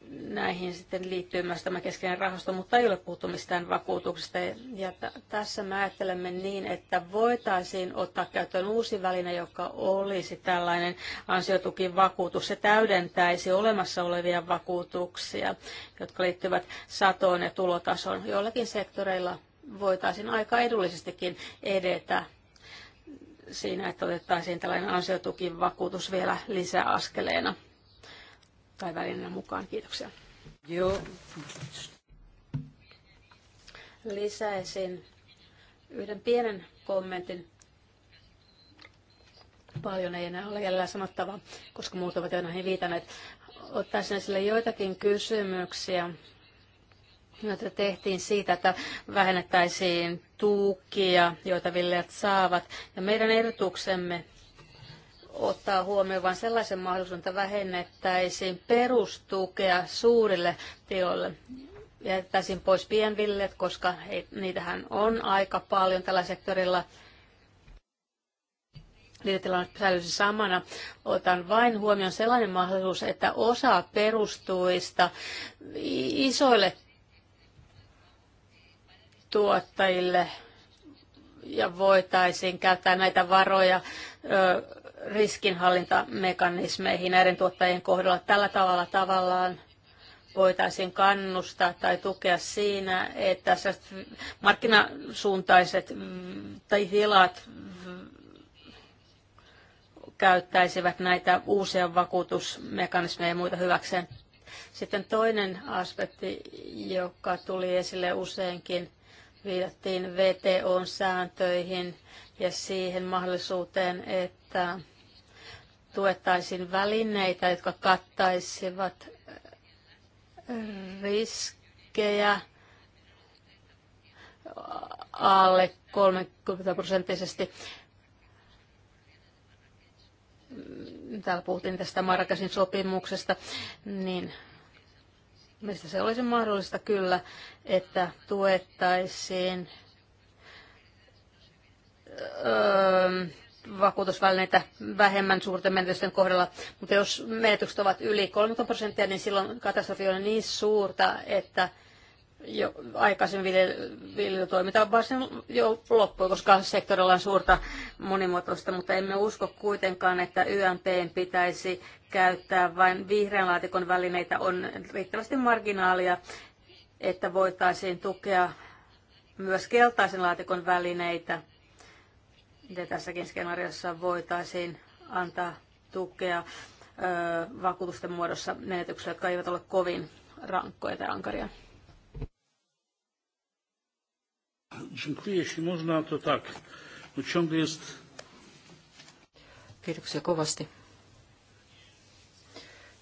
näihin sitten liittyy myös tämä keskeinen rahasto, mutta ei ole puhuttu mistään vakuutuksesta. Ja tässä mä ajattelemme niin, että voitaisiin ottaa käyttöön uusi väline, joka olisi tällainen ansiotukivakuutus. Se täydentäisi olemassa olevia vakuutuksia, jotka liittyvät satoon ja tulotason. Joillakin sektoreilla voitaisiin aika edullisestikin edetä siinä, että otettaisiin tällainen ansiotukivakuutus vielä lisäaskeleena tai välineenä mukaan. Kiitoksia. Joo. Lisäisin yhden pienen kommentin. Paljon ei enää ole jäljellä sanottavaa, koska muut ovat jo näihin viitanneet. Ottaisin esille joitakin kysymyksiä, joita tehtiin siitä, että vähennettäisiin tuukia, joita Villeet saavat. Ja meidän ehdotuksemme ottaa huomioon vain sellaisen mahdollisuuden, että vähennettäisiin perustukea suurille tiloille. Jätettäisiin pois pienvillet, koska niitähän on aika paljon tällä sektorilla. Liitetilanne säilyisi samana. Otan vain huomioon sellainen mahdollisuus, että osa perustuista isoille tuottajille ja voitaisiin käyttää näitä varoja ö, riskinhallintamekanismeihin näiden tuottajien kohdalla. Tällä tavalla tavallaan voitaisiin kannustaa tai tukea siinä, että markkinasuuntaiset tai tilat käyttäisivät näitä uusia vakuutusmekanismeja ja muita hyväkseen. Sitten toinen aspekti, joka tuli esille useinkin, viitattiin VTOn sääntöihin ja siihen mahdollisuuteen, että tuettaisiin välineitä, jotka kattaisivat äh, riskejä alle 30 prosenttisesti. Täällä puhuttiin tästä Marrakesin sopimuksesta, niin mistä se olisi mahdollista kyllä, että tuettaisiin öö, vakuutusvälineitä vähemmän suurten menetysten kohdalla, mutta jos menetykset ovat yli 30 prosenttia, niin silloin katastrofi on niin suurta, että jo aikaisemmin viljelytoiminta varsin jo loppui, koska sektorilla on suurta monimuotoista, mutta emme usko kuitenkaan, että YMP pitäisi käyttää vain vihreän laatikon välineitä. On riittävästi marginaalia, että voitaisiin tukea myös keltaisen laatikon välineitä – ja tässäkin skenaariossa voitaisiin antaa tukea ö, vakuutusten muodossa menetyksillä, jotka eivät ole kovin rankkoja tai ankaria.
tak.
Kiitoksia kovasti.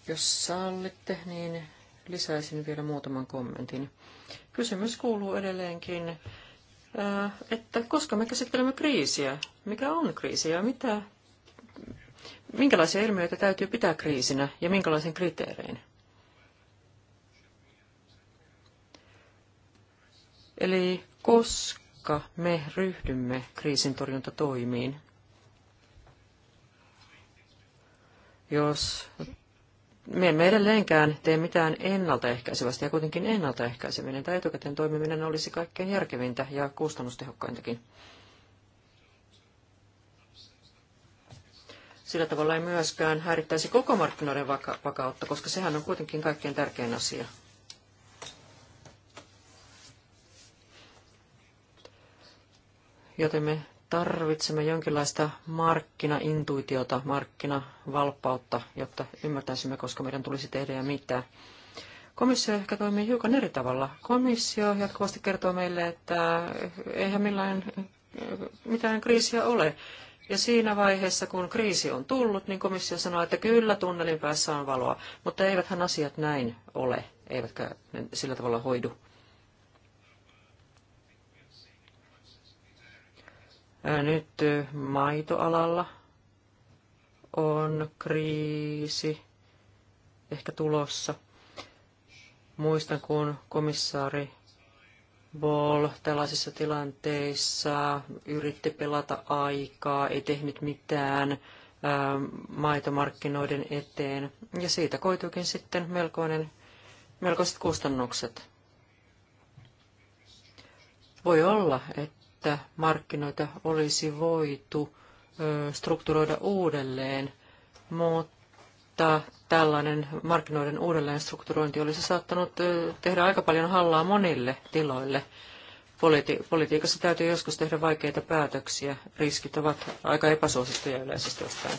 Jos sallitte, niin lisäisin vielä muutaman kommentin. Kysymys kuuluu edelleenkin, Äh, että koska me käsittelemme kriisiä, mikä on kriisi ja mitä, minkälaisia ilmiöitä täytyy pitää kriisinä ja minkälaisen kriteerein. Eli koska me ryhdymme kriisintorjuntatoimiin, jos me emme edelleenkään tee mitään ennaltaehkäisevästi, ja kuitenkin ennaltaehkäiseminen tai etukäteen toimiminen olisi kaikkein järkevintä ja kustannustehokkaintakin. Sillä tavalla ei myöskään häirittäisi koko markkinoiden vaka- vakautta, koska sehän on kuitenkin kaikkein tärkein asia. Joten me tarvitsemme jonkinlaista markkinaintuitiota, markkinavalppautta, jotta ymmärtäisimme, koska meidän tulisi tehdä ja mitä. Komissio ehkä toimii hiukan eri tavalla. Komissio jatkuvasti kertoo meille, että eihän millään, mitään kriisiä ole. Ja siinä vaiheessa, kun kriisi on tullut, niin komissio sanoo, että kyllä tunnelin päässä on valoa, mutta eiväthän asiat näin ole, eivätkä ne sillä tavalla hoidu. Nyt maitoalalla on kriisi ehkä tulossa. Muistan, kun komissaari Ball tällaisissa tilanteissa yritti pelata aikaa, ei tehnyt mitään maitomarkkinoiden eteen. Ja siitä koituikin sitten melkoinen, melkoiset kustannukset. Voi olla, että että markkinoita olisi voitu strukturoida uudelleen, mutta tällainen markkinoiden uudelleenstrukturointi olisi saattanut tehdä aika paljon hallaa monille tiloille. Politi- politiikassa täytyy joskus tehdä vaikeita päätöksiä. Riskit ovat aika epäsuosittuja yleisesti ottaen.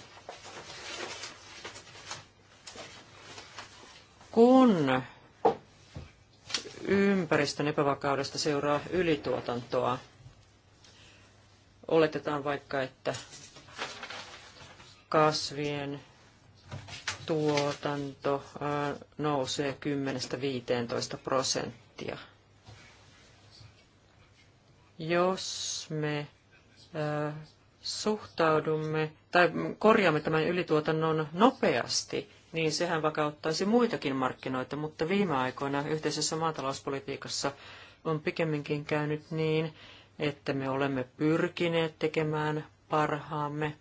Kun ympäristön epävakaudesta seuraa ylituotantoa, Oletetaan vaikka, että kasvien tuotanto nousee 10-15 prosenttia. Jos me suhtaudumme tai korjaamme tämän ylituotannon nopeasti, niin sehän vakauttaisi muitakin markkinoita, mutta viime aikoina yhteisessä maatalouspolitiikassa on pikemminkin käynyt niin, että me olemme pyrkineet tekemään parhaamme.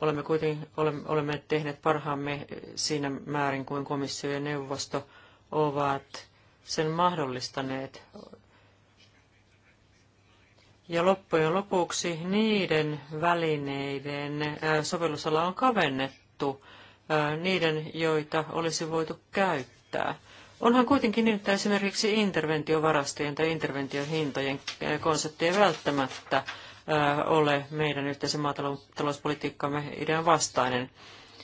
Olemme kuitenkin olemme tehneet parhaamme siinä määrin kuin komissio ja neuvosto ovat sen mahdollistaneet. Ja loppujen lopuksi niiden välineiden äh, sovellusala on kavennettu, äh, niiden, joita olisi voitu käyttää. Onhan kuitenkin niin, että esimerkiksi interventiovarastojen tai interventiohintojen eh, konsepti ei välttämättä eh, ole meidän yhteisen maatalouspolitiikkamme idean vastainen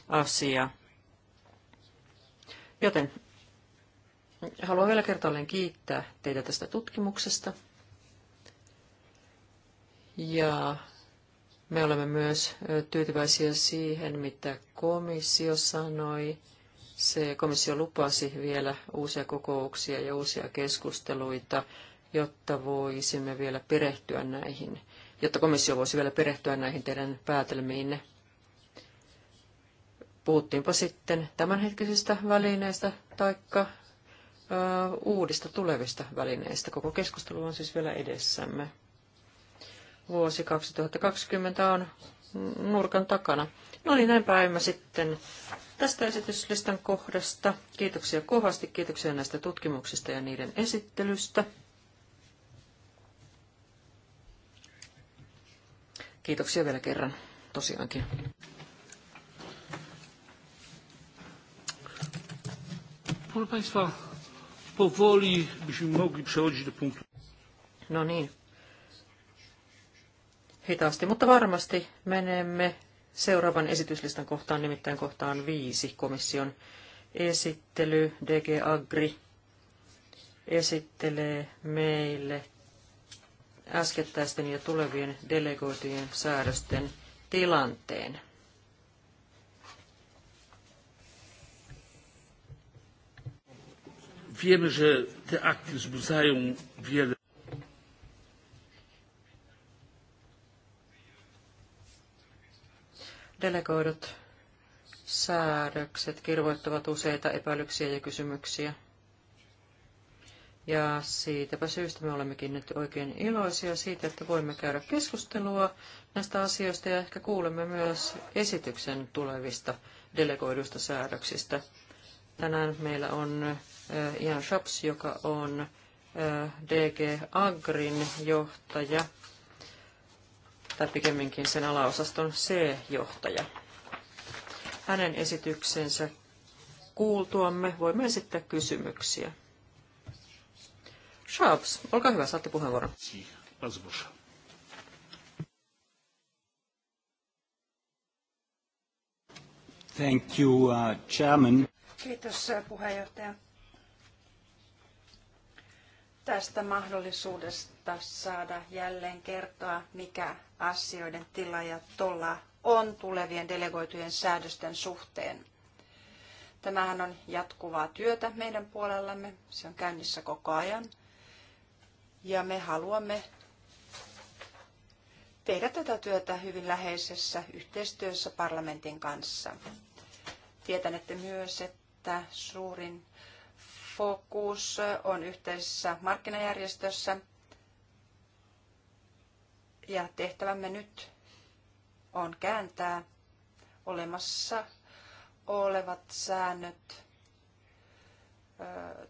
asia. Joten haluan vielä kertaalleen kiittää teitä tästä tutkimuksesta. Ja me olemme myös eh, tyytyväisiä siihen, mitä komissio sanoi se komissio lupasi vielä uusia kokouksia ja uusia keskusteluita, jotta voisimme vielä perehtyä näihin, jotta komissio voisi vielä perehtyä näihin teidän päätelmiinne. Puhuttiinpa sitten tämänhetkisistä välineistä taikka uudista tulevista välineistä. Koko keskustelu on siis vielä edessämme. Vuosi 2020 on nurkan takana. No niin, näin päivä sitten tästä esityslistan kohdasta. Kiitoksia kovasti, kiitoksia näistä tutkimuksista ja niiden esittelystä. Kiitoksia vielä kerran tosiaankin.
Proszę Państwa, powoli byśmy mogli przechodzić do punktu.
No niin. Hitaasti, mutta varmasti menemme Seuraavan esityslistan kohtaan nimittäin kohtaan viisi komission esittely. DG Agri esittelee meille äskettäisten ja tulevien delegoitujen säädösten tilanteen.
Wiemy, że te akty wzbudzają wiele
Delegoidut säädökset kirvoittavat useita epäilyksiä ja kysymyksiä. Ja siitäpä syystä me olemmekin nyt oikein iloisia siitä, että voimme käydä keskustelua näistä asioista ja ehkä kuulemme myös esityksen tulevista delegoiduista säädöksistä. Tänään meillä on eh, Ian Shaps, joka on eh, DG Agrin johtaja tai pikemminkin sen alaosaston C-johtaja. Hänen esityksensä kuultuamme voimme esittää kysymyksiä. Schaubs, olkaa hyvä, saatte puheenvuoron.
Thank you, uh, Chairman.
Kiitos uh, puheenjohtaja tästä mahdollisuudesta saada jälleen kertoa, mikä asioiden tila ja tolla on tulevien delegoitujen säädösten suhteen. Tämähän on jatkuvaa työtä meidän puolellamme, se on käynnissä koko ajan. Ja me haluamme tehdä tätä työtä hyvin läheisessä yhteistyössä parlamentin kanssa. Tietänette myös, että suurin fokus on yhteisessä markkinajärjestössä ja tehtävämme nyt on kääntää olemassa olevat säännöt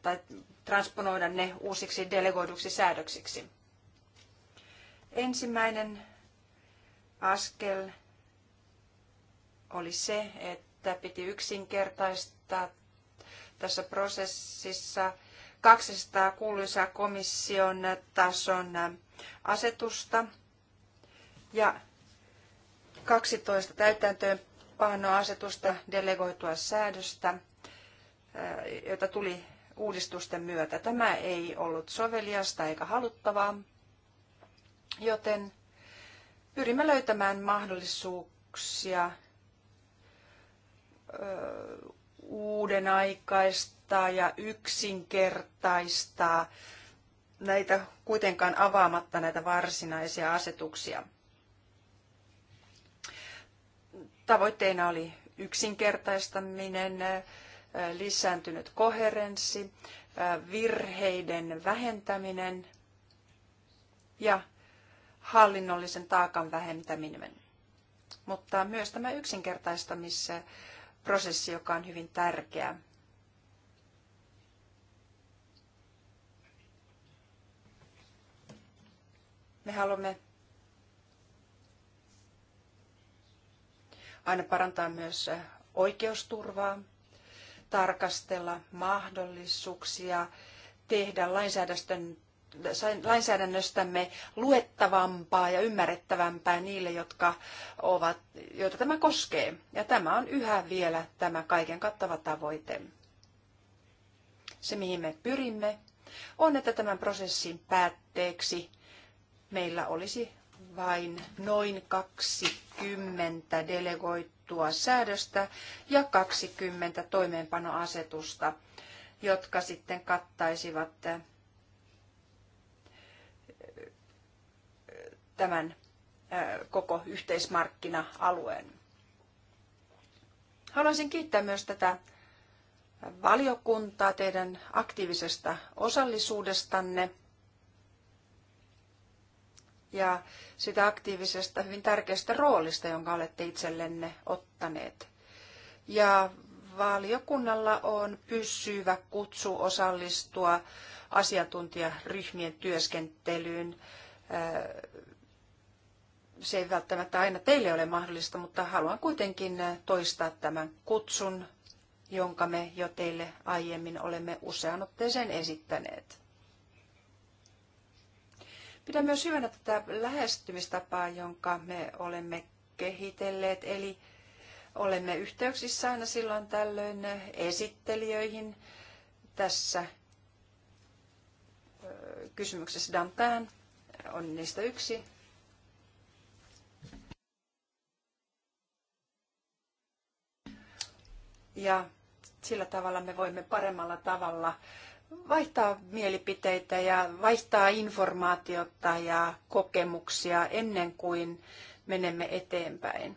tai transponoida ne uusiksi delegoiduksi säädöksiksi. Ensimmäinen askel oli se, että piti yksinkertaistaa tässä prosessissa kaksi 200 kuuluisaa komission tason asetusta ja 12 täytäntöönpanoasetusta delegoitua säädöstä, eh, jota tuli uudistusten myötä. Tämä ei ollut soveliasta eikä haluttavaa, joten pyrimme löytämään mahdollisuuksia eh, uuden ja yksinkertaistaa näitä kuitenkaan avaamatta näitä varsinaisia asetuksia. Tavoitteena oli yksinkertaistaminen, lisääntynyt koherenssi, virheiden vähentäminen ja hallinnollisen taakan vähentäminen. Mutta myös tämä yksinkertaistamisen prosessi, joka on hyvin tärkeä. Me haluamme aina parantaa myös oikeusturvaa, tarkastella mahdollisuuksia tehdä lainsäädäntön lainsäädännöstämme luettavampaa ja ymmärrettävämpää niille, jotka ovat, joita tämä koskee. Ja tämä on yhä vielä tämä kaiken kattava tavoite. Se, mihin me pyrimme, on, että tämän prosessin päätteeksi meillä olisi vain noin 20 delegoittua säädöstä ja 20 toimeenpanoasetusta, jotka sitten kattaisivat tämän koko yhteismarkkina-alueen. Haluaisin kiittää myös tätä valiokuntaa teidän aktiivisesta osallisuudestanne ja sitä aktiivisesta, hyvin tärkeästä roolista, jonka olette itsellenne ottaneet. Ja valiokunnalla on pysyvä kutsu osallistua asiantuntijaryhmien työskentelyyn se ei välttämättä aina teille ole mahdollista, mutta haluan kuitenkin äh, toistaa tämän kutsun, jonka me jo teille aiemmin olemme usean otteeseen esittäneet. Pidän myös hyvänä tätä lähestymistapaa, jonka me olemme kehitelleet, eli olemme yhteyksissä aina silloin tällöin esittelijöihin tässä kysymyksessä Dantan on niistä yksi ja sillä tavalla me voimme paremmalla tavalla vaihtaa mielipiteitä ja vaihtaa informaatiota ja kokemuksia ennen kuin menemme eteenpäin.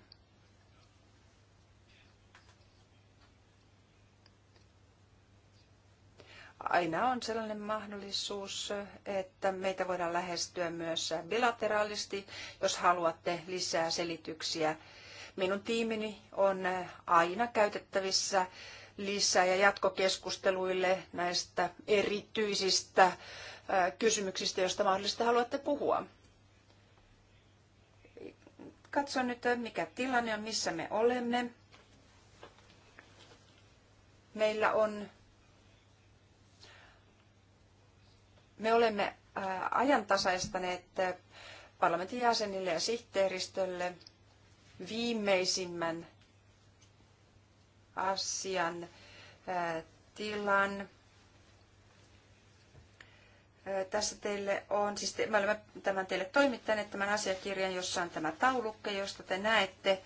aina on sellainen mahdollisuus, että meitä voidaan lähestyä myös bilateraalisti, jos haluatte lisää selityksiä Minun tiimini on äh, aina käytettävissä lisää ja jatkokeskusteluille näistä erityisistä äh, kysymyksistä, joista mahdollisesti haluatte puhua. Katson nyt, äh, mikä tilanne on, missä me olemme. Meillä on, me olemme ajantasaistaneet parlamentin jäsenille ja sihteeristölle viimeisimmän asian tilan. Tässä teille on, siis te, olemme tämän teille toimittaneet tämän asiakirjan, jossa on tämä taulukke, josta te näette,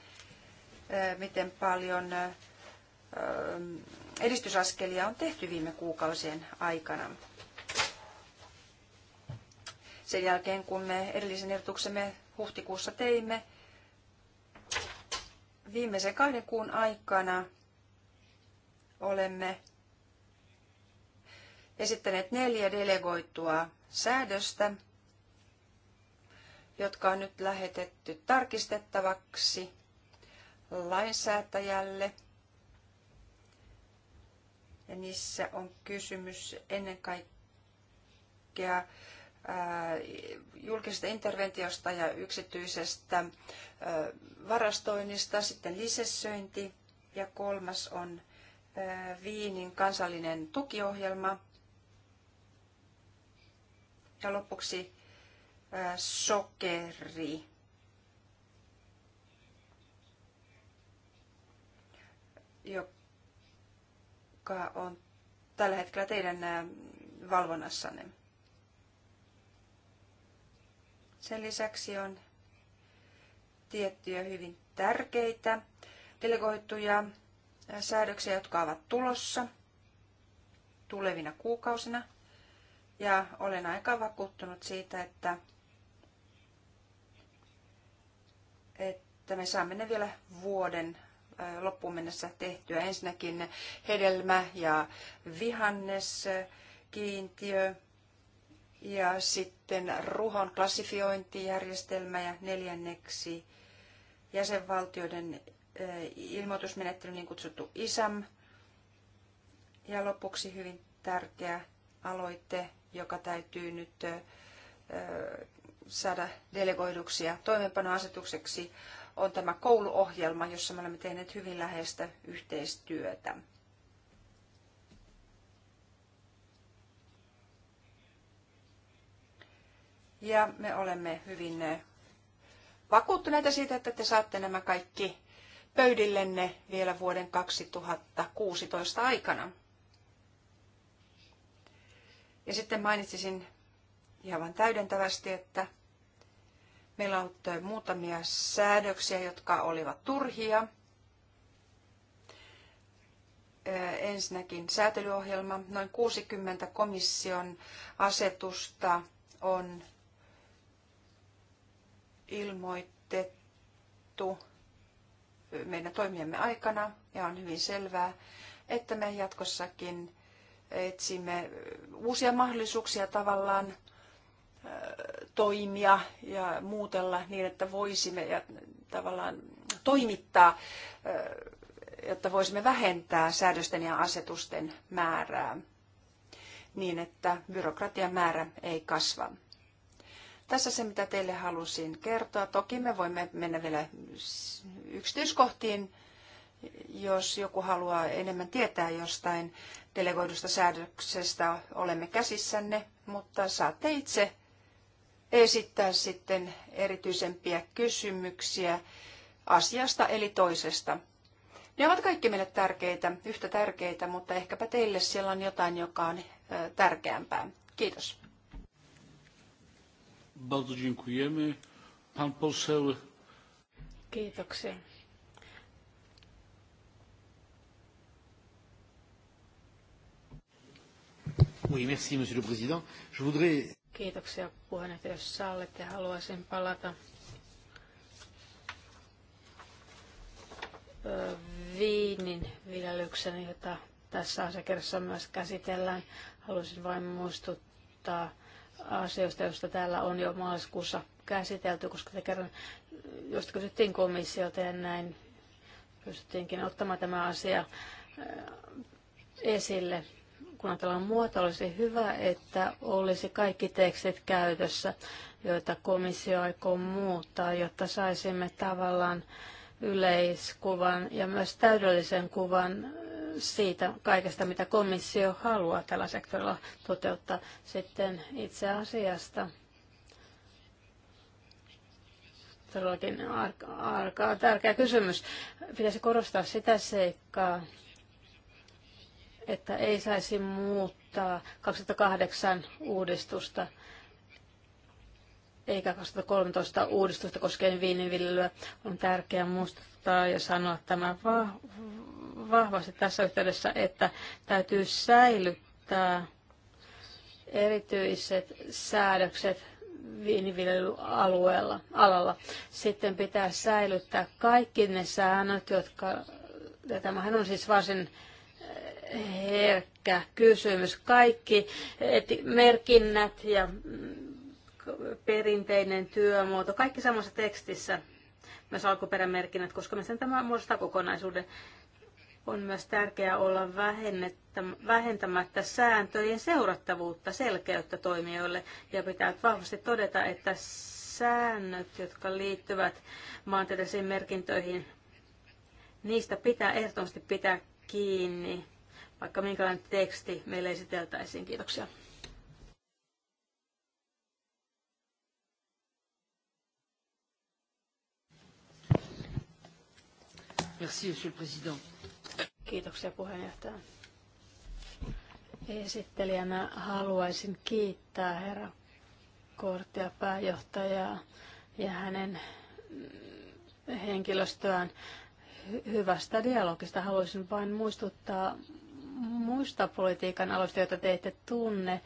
miten paljon edistysaskelia on tehty viime kuukausien aikana. Sen jälkeen, kun me edellisen ehdotuksemme huhtikuussa teimme, viimeisen kahden kuun aikana olemme esittäneet neljä delegoitua säädöstä, jotka on nyt lähetetty tarkistettavaksi lainsäätäjälle. Ja niissä on kysymys ennen kaikkea julkisesta interventiosta ja yksityisestä varastoinnista, sitten lisessöinti ja kolmas on Viinin kansallinen tukiohjelma ja lopuksi sokeri. joka on tällä hetkellä teidän valvonnassanne. Sen lisäksi on tiettyjä hyvin tärkeitä delegoituja säädöksiä, jotka ovat tulossa tulevina kuukausina. Ja olen aika vakuuttunut siitä, että, että me saamme ne vielä vuoden loppuun mennessä tehtyä. Ensinnäkin hedelmä ja vihanneskiintiö ja sitten ruhon klassifiointijärjestelmä ja neljänneksi jäsenvaltioiden ilmoitusmenettely, niin kutsuttu ISAM. Ja lopuksi hyvin tärkeä aloite, joka täytyy nyt saada delegoiduksi ja toimeenpanoasetukseksi, on tämä kouluohjelma, jossa me olemme tehneet hyvin läheistä yhteistyötä. Ja me olemme hyvin eh, vakuuttuneita siitä, että te saatte nämä kaikki pöydillenne vielä vuoden 2016 aikana. Ja sitten mainitsisin ihan vain täydentävästi, että meillä on ollut eh, muutamia säädöksiä, jotka olivat turhia. Eh, ensinnäkin säätelyohjelma. Noin 60 komission asetusta on ilmoitettu meidän toimiemme aikana ja on hyvin selvää, että me jatkossakin etsimme uusia mahdollisuuksia tavallaan toimia ja muutella niin, että voisimme ja tavallaan toimittaa, jotta voisimme vähentää säädösten ja asetusten määrää niin, että byrokratian määrä ei kasva. Tässä se, mitä teille halusin kertoa. Toki me voimme mennä vielä yksityiskohtiin, jos joku haluaa enemmän tietää jostain delegoidusta säädöksestä, olemme käsissänne, mutta saatte itse esittää sitten erityisempiä kysymyksiä asiasta eli toisesta. Ne ovat kaikki meille tärkeitä, yhtä tärkeitä, mutta ehkäpä teille siellä on jotain, joka on tärkeämpää. Kiitos.
Bardzo dziękujemy. Pan poseł.
Kiitoksia.
Oui, merci, monsieur le président. Je voudrais...
Kiitoksia puheenjohtaja, jos sallitte. Haluaisin palata viinin viljelyksen, jota tässä asiakirjassa myös käsitellään. Haluaisin vain muistuttaa, asioista, joista täällä on jo maaliskuussa käsitelty, koska te kerran, josta kysyttiin komissiolta ja näin pystyttiinkin ottamaan tämä asia äh, esille. Kun ajatellaan muoto, olisi hyvä, että olisi kaikki tekstit käytössä, joita komissio aikoo muuttaa, jotta saisimme tavallaan yleiskuvan ja myös täydellisen kuvan siitä kaikesta, mitä komissio haluaa tällä sektorilla toteuttaa. Sitten itse asiasta todellakin arka, arka, tärkeä kysymys. Pitäisi korostaa sitä seikkaa, että ei saisi muuttaa 2008 uudistusta eikä 2013 uudistusta koskien viininviljelyä. On tärkeää muistuttaa ja sanoa tämä vahvasti tässä yhteydessä, että täytyy säilyttää erityiset säädökset viiniviljelyalueella alalla. Sitten pitää säilyttää kaikki ne säännöt, jotka, ja tämähän on siis varsin eh, herkkä kysymys, kaikki et, merkinnät ja mm, perinteinen työmuoto, kaikki samassa tekstissä, myös alkuperämerkinnät, koska me sen tämä muodostaa kokonaisuuden. On myös tärkeää olla vähentämättä sääntöjen seurattavuutta selkeyttä toimijoille ja pitää vahvasti todeta, että säännöt, jotka liittyvät maantieteellisiin merkintöihin, niistä pitää ehdottomasti pitää kiinni, vaikka minkälainen teksti meille esiteltäisiin. Kiitoksia.
Merci, Monsieur le Président.
Kiitoksia puheenjohtaja. Esittelijänä haluaisin kiittää herra Kortia pääjohtajaa ja hänen henkilöstöään hyvästä dialogista. Haluaisin vain muistuttaa muista politiikan aloista, joita te ette tunne.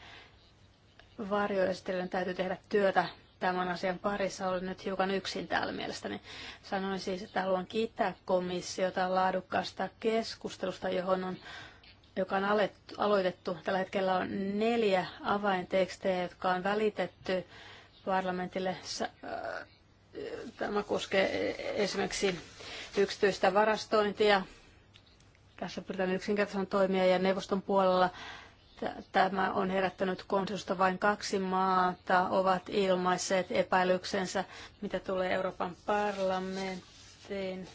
Varjoesittelijän täytyy tehdä työtä tämän asian parissa olen nyt hiukan yksin täällä mielestäni. Sanoin siis, että haluan kiittää komissiota laadukkaasta keskustelusta, johon on joka on alettu, aloitettu. Tällä hetkellä on neljä avaintekstejä, jotka on välitetty parlamentille. Äh, tämä koskee esimerkiksi yksityistä varastointia. Tässä pyritään yksinkertaisen toimia ja neuvoston puolella Tämä on herättänyt konsensusta vain kaksi maata, ovat ilmaisseet epäilyksensä, mitä tulee Euroopan parlamenttiin.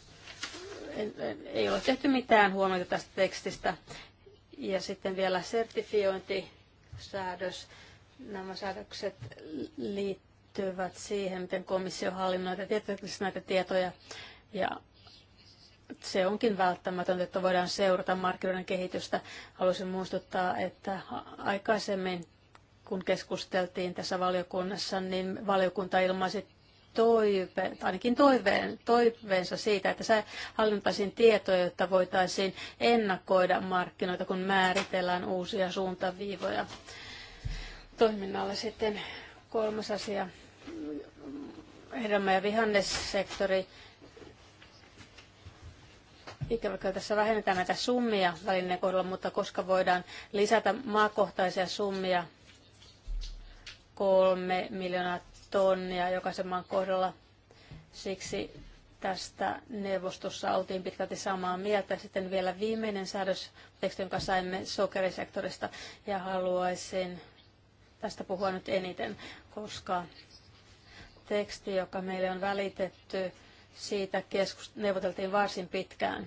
Ei ole tehty mitään huomiota tästä tekstistä. Ja sitten vielä sertifiointisäädös. Nämä säädökset liittyvät siihen, miten komissio hallinnoi näitä tietoja ja se onkin välttämätöntä, että voidaan seurata markkinoiden kehitystä. Haluaisin muistuttaa, että aikaisemmin kun keskusteltiin tässä valiokunnassa, niin valiokunta ilmaisi toive, ainakin toiveen, toiveensa siitä, että sä hallintaisiin tietoja, jotta voitaisiin ennakoida markkinoita, kun määritellään uusia suuntaviivoja toiminnalle. Sitten kolmas asia, hedelmä- ja vihannessektori Ikävä kyllä tässä vähennetään näitä summia välineen kohdalla, mutta koska voidaan lisätä maakohtaisia summia kolme miljoonaa tonnia jokaisen maan kohdalla, siksi tästä neuvostossa oltiin pitkälti samaa mieltä. Sitten vielä viimeinen säädös, teksti, jonka saimme sokerisektorista, ja haluaisin tästä puhua nyt eniten, koska teksti, joka meille on välitetty, siitä keskust- neuvoteltiin varsin pitkään.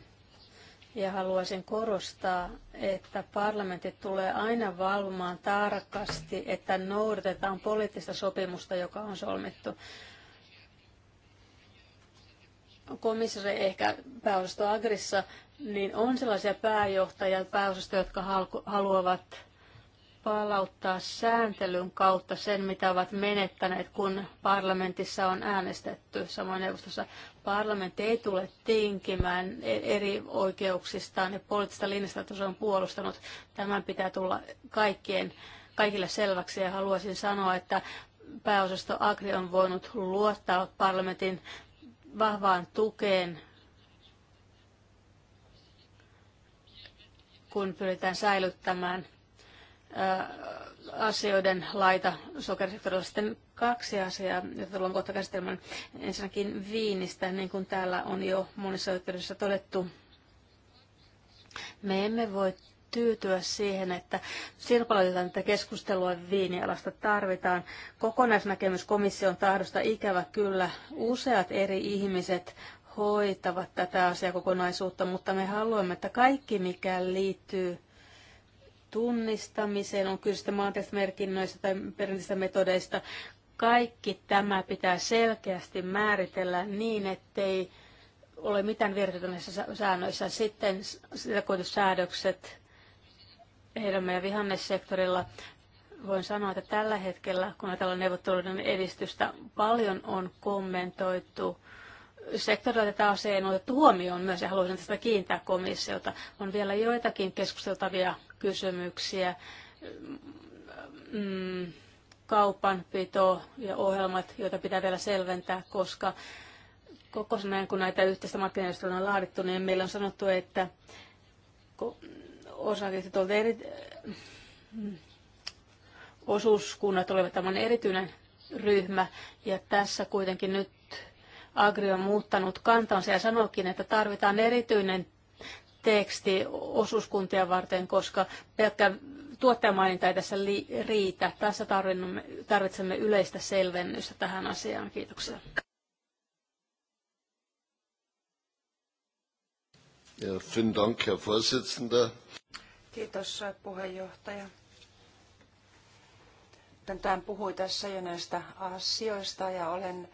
Ja haluaisin korostaa, että parlamentti tulee aina valvomaan tarkasti, että noudatetaan poliittista sopimusta, joka on solmittu. Komissari ehkä pääosasto Agrissa, niin on sellaisia pääjohtajia pääosastoja, jotka haluavat palauttaa sääntelyn kautta sen, mitä ovat menettäneet, kun parlamentissa on äänestetty samoin neuvostossa. Parlamentti ei tule tinkimään e- eri oikeuksistaan ja poliittista linjasta, että se on puolustanut. Tämän pitää tulla kaikkien, kaikille selväksi ja haluaisin sanoa, että pääosasto Agri on voinut luottaa parlamentin vahvaan tukeen kun pyritään säilyttämään asioiden laita sokerisektorilla. Sitten kaksi asiaa, joita tullaan kohta käsittelemään. Ensinnäkin viinistä, niin kuin täällä on jo monissa yhteydessä todettu. Me emme voi tyytyä siihen, että sirpaloitetaan tätä keskustelua viinialasta tarvitaan. Kokonaisnäkemys komission tahdosta ikävä kyllä. Useat eri ihmiset hoitavat tätä asiakokonaisuutta, mutta me haluamme, että kaikki mikä liittyy tunnistamiseen, on kyse maantieteellisistä merkinnöistä tai perinteisistä metodeista. Kaikki tämä pitää selkeästi määritellä niin, ettei ole mitään virheitä näissä säännöissä. Sitten säädökset hedelmä- ja vihannessektorilla. Voin sanoa, että tällä hetkellä, kun ajatellaan neuvotteluiden edistystä, paljon on kommentoitu sektorilla tätä asiaa on otettu huomioon myös ja haluaisin tästä kiintää komissiota. On vielä joitakin keskusteltavia kysymyksiä. Mm, kaupanpito ja ohjelmat, joita pitää vielä selventää, koska koko ajan kun näitä yhteistä markkinoista on laadittu, niin meillä on sanottu, että osakkeet tuolta eri, osuuskunnat olivat tämän erityinen ryhmä, ja tässä kuitenkin nyt Agri on muuttanut kantansa ja sanoikin, että tarvitaan erityinen teksti osuuskuntia varten, koska pelkkä tuottajamaininta ei tässä li- riitä. Tässä tarvitsemme yleistä selvennystä tähän asiaan. Kiitoksia.
Ja, vielen Dank, Herr Vorsitzender.
Kiitos puheenjohtaja. Tänään puhui tässä jo näistä asioista ja olen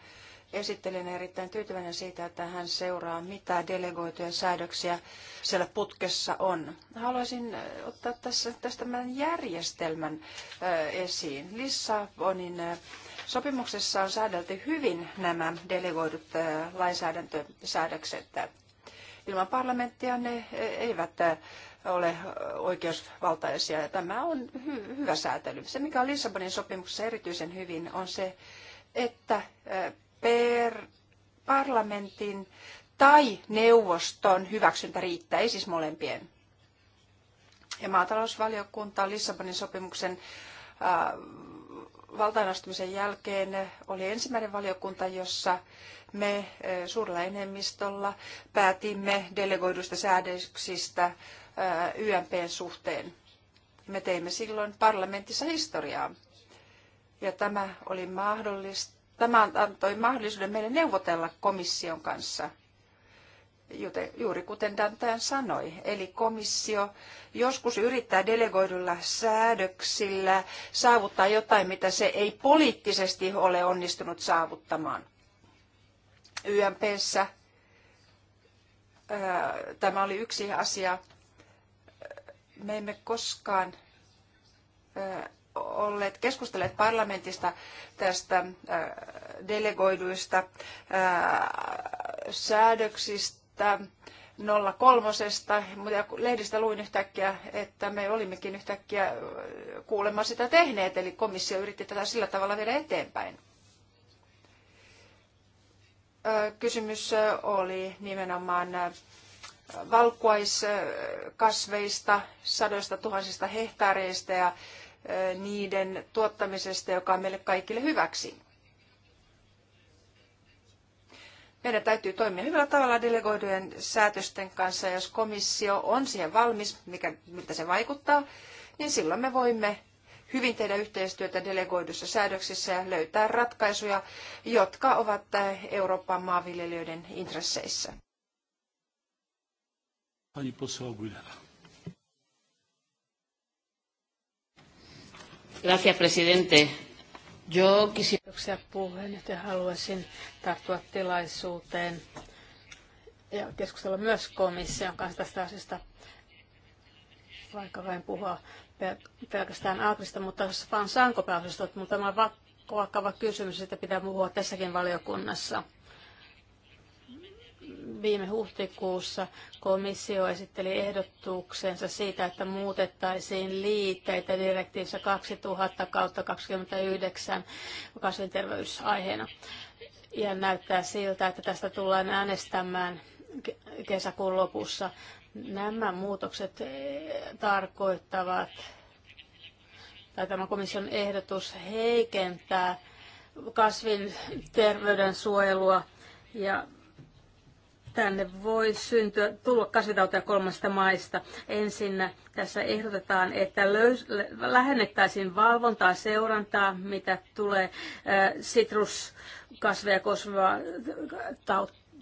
esittelen erittäin tyytyväinen siitä, että hän seuraa, mitä delegoituja säädöksiä siellä putkessa on. Haluaisin äh, ottaa tässä, tästä tämän järjestelmän äh, esiin. Lissabonin äh, sopimuksessa on säädelty hyvin nämä delegoidut lainsäädäntösäädökset. Ilman parlamenttia ne eivät ole oikeusvaltaisia. Ja tämä on hy- hyvä säätely. Se, mikä on Lissabonin sopimuksessa erityisen hyvin, on se, että per, parlamentin tai neuvoston hyväksyntä riittää, ei siis molempien. Ja maatalousvaliokunta Lissabonin sopimuksen valtaanastumisen jälkeen oli ensimmäinen valiokunta, jossa me suurella enemmistöllä päätimme delegoidusta säädöksistä YMPn suhteen. Me teimme silloin parlamentissa historiaa. Ja tämä oli mahdollista tämä antoi mahdollisuuden meille neuvotella komission kanssa, juuri kuten Dantan sanoi. Eli komissio joskus yrittää delegoidulla säädöksillä saavuttaa jotain, mitä se ei poliittisesti ole onnistunut saavuttamaan. YMPssä tämä oli yksi asia. Me emme koskaan olleet keskustelleet parlamentista tästä äh, delegoiduista äh, säädöksistä 03, mutta lehdistä luin yhtäkkiä, että me olimmekin yhtäkkiä äh, kuulemma sitä tehneet, eli komissio yritti tätä sillä tavalla viedä eteenpäin. Kysymys oli nimenomaan valkuaiskasveista, sadoista tuhansista hehtaareista ja niiden tuottamisesta, joka on meille kaikille hyväksi. Meidän täytyy toimia hyvällä tavalla delegoidujen säätösten kanssa. Jos komissio on siihen valmis, mikä, miltä se vaikuttaa, niin silloin me voimme hyvin tehdä yhteistyötä delegoidussa säädöksissä ja löytää ratkaisuja, jotka ovat Euroopan maanviljelijöiden intresseissä.
Pani Aguilera. Gracias, presidente. Yo quisiera... Kiitoksia puheenjohtaja. Haluaisin tarttua tilaisuuteen ja keskustella myös komission kanssa tästä asiasta, vaikka vain puhua pelkästään Agrista, mutta vaan sankopääosasta, mutta tämä on vakava kysymys, että pitää puhua tässäkin valiokunnassa viime huhtikuussa komissio esitteli ehdotuksensa siitä, että muutettaisiin liitteitä direktiivissä 2000 kautta 29 kasvinterveysaiheena. Ja näyttää siltä, että tästä tullaan äänestämään kesäkuun lopussa. Nämä muutokset eh, tarkoittavat, tai tämä komission ehdotus heikentää kasvin terveyden suojelua ja tänne voi syntyä, tulla kasvitauteja kolmesta maista. Ensin tässä ehdotetaan, että löys, lähennettäisiin valvontaa, seurantaa, mitä tulee äh, sitruskasveja koskevaa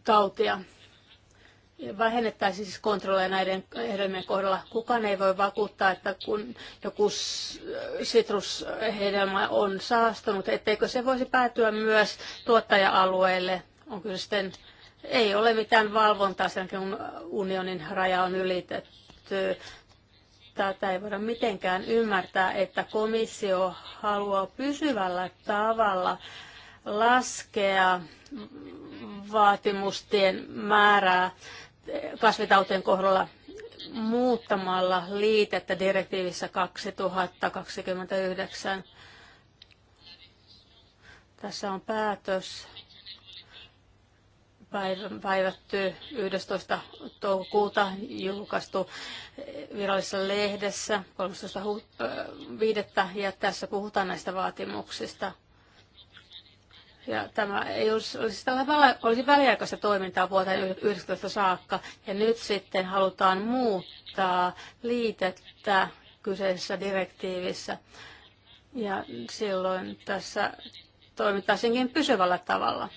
tautia. Vähennettäisiin siis kontrolleja näiden hedelmien kohdalla. Kukaan ei voi vakuuttaa, että kun joku sitrushedelmä on saastunut, etteikö se voisi päätyä myös tuottaja-alueelle. On kyllä sitten ei ole mitään valvontaa sen, kun unionin raja on ylitetty. Tätä ei voida mitenkään ymmärtää, että komissio haluaa pysyvällä tavalla laskea vaatimustien määrää kasvitautien kohdalla muuttamalla liitettä direktiivissä 2029. Tässä on päätös päivätty 11. toukokuuta, julkaistu virallisessa lehdessä 13.5. ja tässä puhutaan näistä vaatimuksista. Ja tämä ei olisi, olisi, tällä, olisi väliaikaista toimintaa vuoteen 19 saakka, ja nyt sitten halutaan muuttaa liitettä kyseisessä direktiivissä. Ja silloin tässä toimittaisinkin pysyvällä tavalla.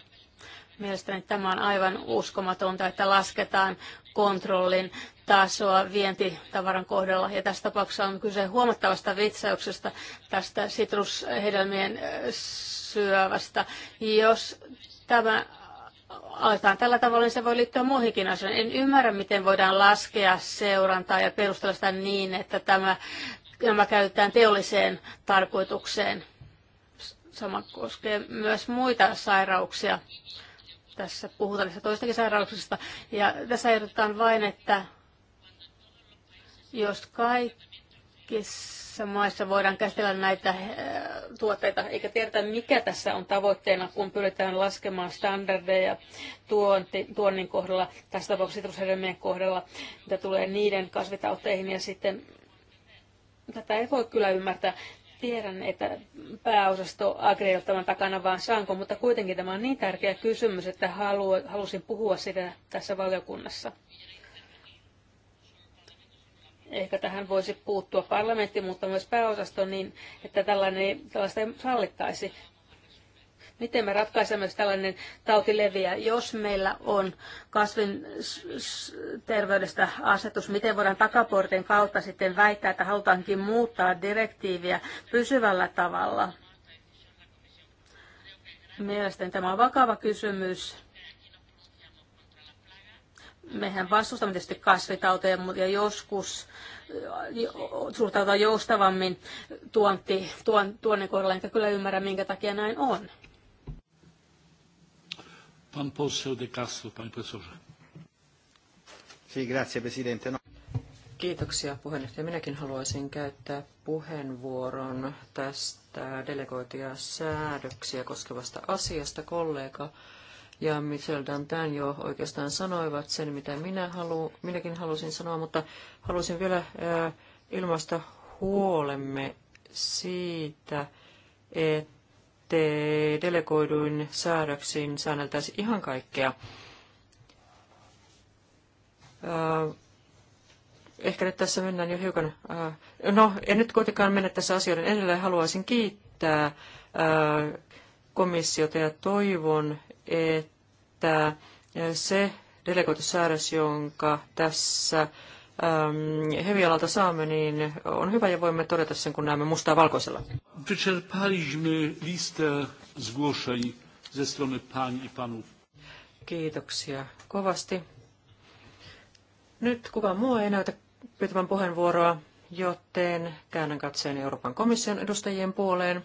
Mielestäni tämä on aivan uskomatonta, että lasketaan kontrollin tasoa vientitavaran kohdalla. Ja tässä tapauksessa on kyse huomattavasta vitsauksesta tästä sitrushedelmien äh, syövästä. Jos tämä aletaan tällä tavalla, niin se voi liittyä muihinkin asioihin. En ymmärrä, miten voidaan laskea seurantaa ja perustella sitä niin, että tämä, nämä käytetään teolliseen tarkoitukseen. Sama koskee myös muita sairauksia. Tässä puhutaan niistä toistakin sairauksista. Ja tässä ehdotetaan vain, että jos kaikissa maissa voidaan käsitellä näitä eh, tuotteita, eikä tiedetä mikä tässä on tavoitteena, kun pyritään laskemaan standardeja tuonti, tuonnin kohdalla, tässä tapauksessa sitrushedelmien kohdalla, mitä tulee niiden kasvitauteihin ja sitten tätä ei voi kyllä ymmärtää. Tiedän, että pääosasto Agri tämän takana vaan saanko, mutta kuitenkin tämä on niin tärkeä kysymys, että halu, halusin puhua sitä tässä valiokunnassa. Ehkä tähän voisi puuttua parlamentti, mutta myös pääosasto niin, että tällainen, tällaista ei sallittaisi. Miten me ratkaisemme, jos tällainen tauti leviää? Jos meillä on kasvin terveydestä asetus, miten voidaan takaportin kautta sitten väittää, että halutaankin muuttaa direktiiviä pysyvällä tavalla? Mielestäni tämä on vakava kysymys. Mehän vastustamme tietysti kasvitauteja, mutta joskus suhtautua joustavammin tuonti, tuon, tuonne kohdalla, enkä kyllä ymmärrä, minkä takia näin on.
Pan poseł De Castro, panie profesorze.
Si, grazie, presidente. No.
Kiitoksia puheenjohtaja. Minäkin haluaisin käyttää puheenvuoron tästä delegoituja säädöksiä koskevasta asiasta. Kollega ja Michel Dantin jo oikeastaan sanoivat sen, mitä minä halu, minäkin halusin sanoa, mutta halusin vielä äh, ilmaista huolemme siitä, että te delegoiduin säädöksiin säänneltäisiin ihan kaikkea. Äh, ehkä nyt tässä mennään jo hiukan... Äh, no, en nyt kuitenkaan mennä tässä asioiden edelle Haluaisin kiittää äh, komissiota ja toivon, että se delegoitussäädös, jonka tässä Ähm, hevialalta saamme, niin on hyvä ja voimme todeta sen, kun näemme mustaa valkoisella.
Wyczerpaliśmy listę zgłoszeń ze
strony pań i panów. Kiitoksia kovasti. Nyt kukaan muu ei näytä pyytävän puheenvuoroa, joten käännän katseen Euroopan komission edustajien puoleen,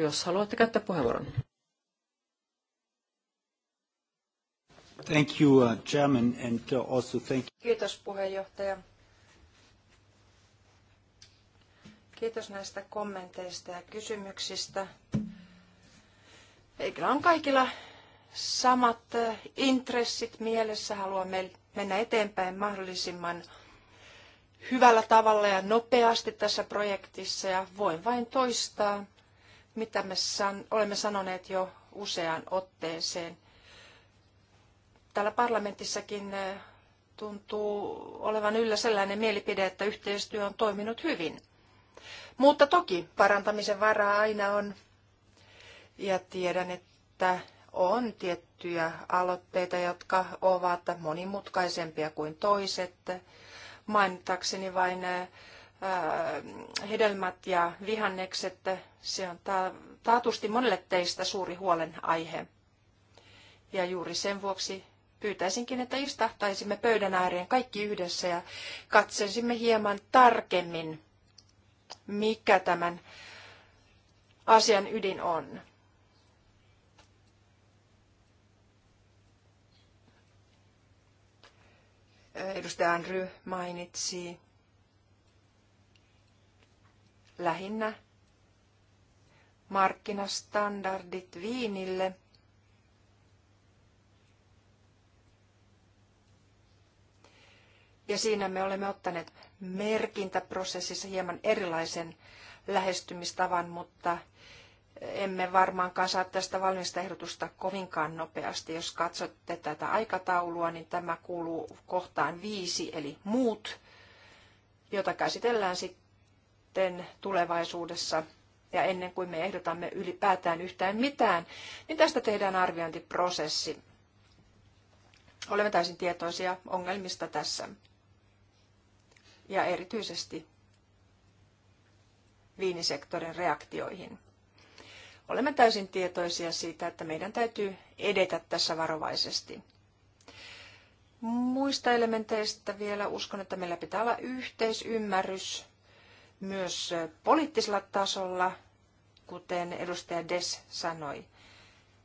jos haluatte käyttää puheenvuoron.
Thank you, uh, Chairman, and uh, also thank you.
Kiitos puheenjohtaja. Kiitos näistä kommenteista ja kysymyksistä. Eikö on kaikilla samat äh, intressit mielessä? Haluamme mennä eteenpäin mahdollisimman hyvällä tavalla ja nopeasti tässä projektissa ja voin vain toistaa, mitä me san- olemme sanoneet jo useaan otteeseen täällä parlamentissakin eh, tuntuu olevan yllä sellainen mielipide, että yhteistyö on toiminut hyvin. Mutta toki parantamisen varaa aina on. Ja tiedän, että on tiettyjä aloitteita, jotka ovat monimutkaisempia kuin toiset. Mainitakseni vain eh, eh, hedelmät ja vihannekset, se on taatusti monelle teistä suuri huolenaihe. Ja juuri sen vuoksi pyytäisinkin, että istahtaisimme pöydän ääreen kaikki yhdessä ja katselisimme hieman tarkemmin, mikä tämän asian ydin on. Edustaja Andrew mainitsi lähinnä markkinastandardit viinille – Ja siinä me olemme ottaneet merkintäprosessissa hieman erilaisen lähestymistavan, mutta emme varmaankaan saa tästä valmista ehdotusta kovinkaan nopeasti. Jos katsotte tätä aikataulua, niin tämä kuuluu kohtaan viisi, eli muut, jota käsitellään sitten tulevaisuudessa. Ja ennen kuin me ehdotamme ylipäätään yhtään mitään, niin tästä tehdään arviointiprosessi. Olemme täysin tietoisia ongelmista tässä ja erityisesti viinisektorin reaktioihin. Olemme täysin tietoisia siitä, että meidän täytyy edetä tässä varovaisesti. Muista elementeistä vielä uskon, että meillä pitää olla yhteisymmärrys myös poliittisella tasolla, kuten edustaja Des sanoi.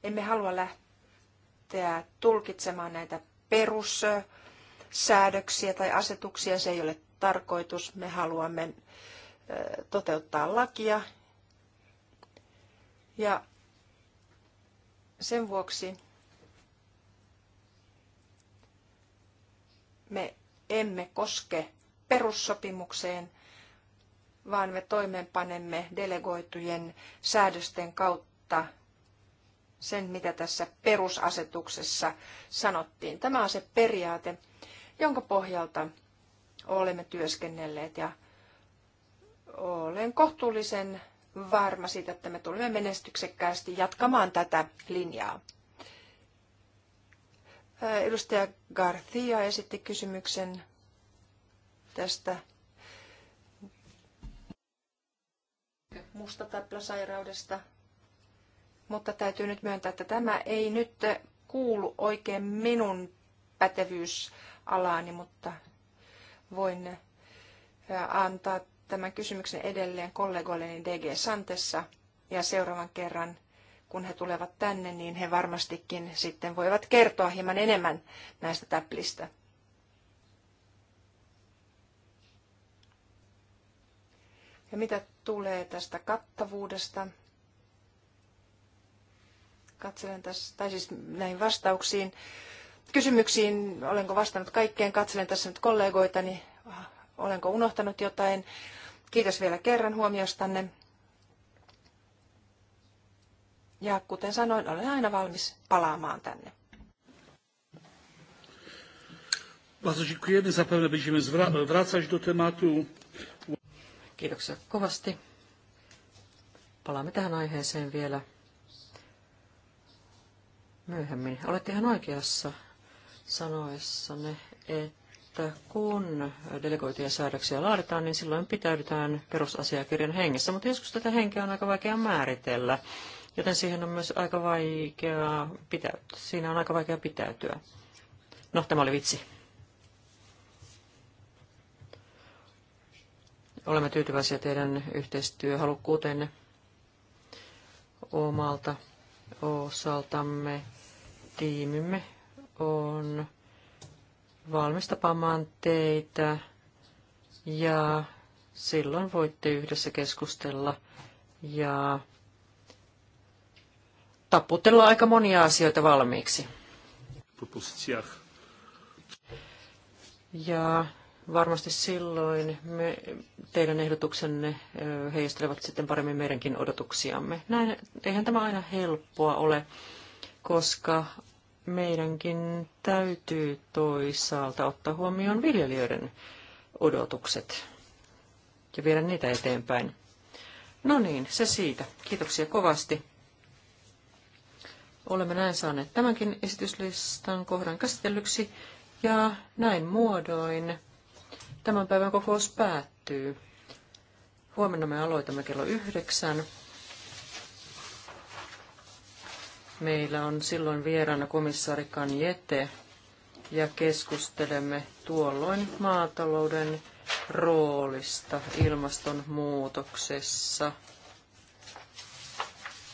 Emme halua lähteä tulkitsemaan näitä perussäädöksiä tai asetuksia, se ei ole tarkoitus. Me haluamme toteuttaa lakia ja sen vuoksi me emme koske perussopimukseen, vaan me toimeenpanemme delegoitujen säädösten kautta sen, mitä tässä perusasetuksessa sanottiin. Tämä on se periaate, jonka pohjalta olemme työskennelleet ja olen kohtuullisen varma siitä, että me tulemme menestyksekkäästi jatkamaan tätä linjaa. Edustaja Garcia esitti kysymyksen tästä mustataplasairaudesta, mutta täytyy nyt myöntää, että tämä ei nyt kuulu oikein minun pätevyysalaani, mutta voin antaa tämän kysymyksen edelleen kollegoilleni DG Santessa ja seuraavan kerran, kun he tulevat tänne, niin he varmastikin sitten voivat kertoa hieman enemmän näistä täplistä. Ja mitä tulee tästä kattavuudesta? Katselen tässä, tai siis näihin vastauksiin kysymyksiin, olenko vastannut kaikkeen, katselen tässä nyt kollegoitani, olenko unohtanut jotain. Kiitos vielä kerran huomiostanne. Ja kuten sanoin, olen aina valmis palaamaan tänne.
Bardzo dziękujemy. Zapewne będziemy wracać do tematu.
Kiitoksia kovasti. Palaamme tähän aiheeseen vielä myöhemmin. Olette ihan oikeassa sanoessanne, että kun delegoituja säädöksiä laaditaan, niin silloin pitäydytään perusasiakirjan hengessä. Mutta joskus tätä henkeä on aika vaikea määritellä, joten siihen on myös aika vaikea pitäytyä. siinä on aika vaikea pitäytyä. No, tämä oli vitsi. Olemme tyytyväisiä teidän yhteistyöhalukkuuteenne omalta osaltamme tiimimme on valmis tapaamaan teitä ja silloin voitte yhdessä keskustella ja taputella aika monia asioita valmiiksi. Ja varmasti silloin me, teidän ehdotuksenne heijastelevat sitten paremmin meidänkin odotuksiamme. Näin, eihän tämä aina helppoa ole, koska meidänkin täytyy toisaalta ottaa huomioon viljelijöiden odotukset ja viedä niitä eteenpäin. No niin, se siitä. Kiitoksia kovasti. Olemme näin saaneet tämänkin esityslistan kohdan käsitellyksi ja näin muodoin tämän päivän kokous päättyy. Huomenna me aloitamme kello yhdeksän. Meillä on silloin vieraana komissaari Kanjete ja keskustelemme tuolloin maatalouden roolista ilmastonmuutoksessa.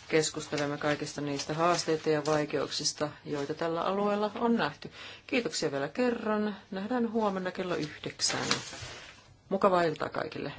Keskustelemme kaikista niistä haasteista ja vaikeuksista, joita tällä alueella on nähty. Kiitoksia vielä kerran. Nähdään huomenna kello yhdeksän. Mukavaa iltaa kaikille.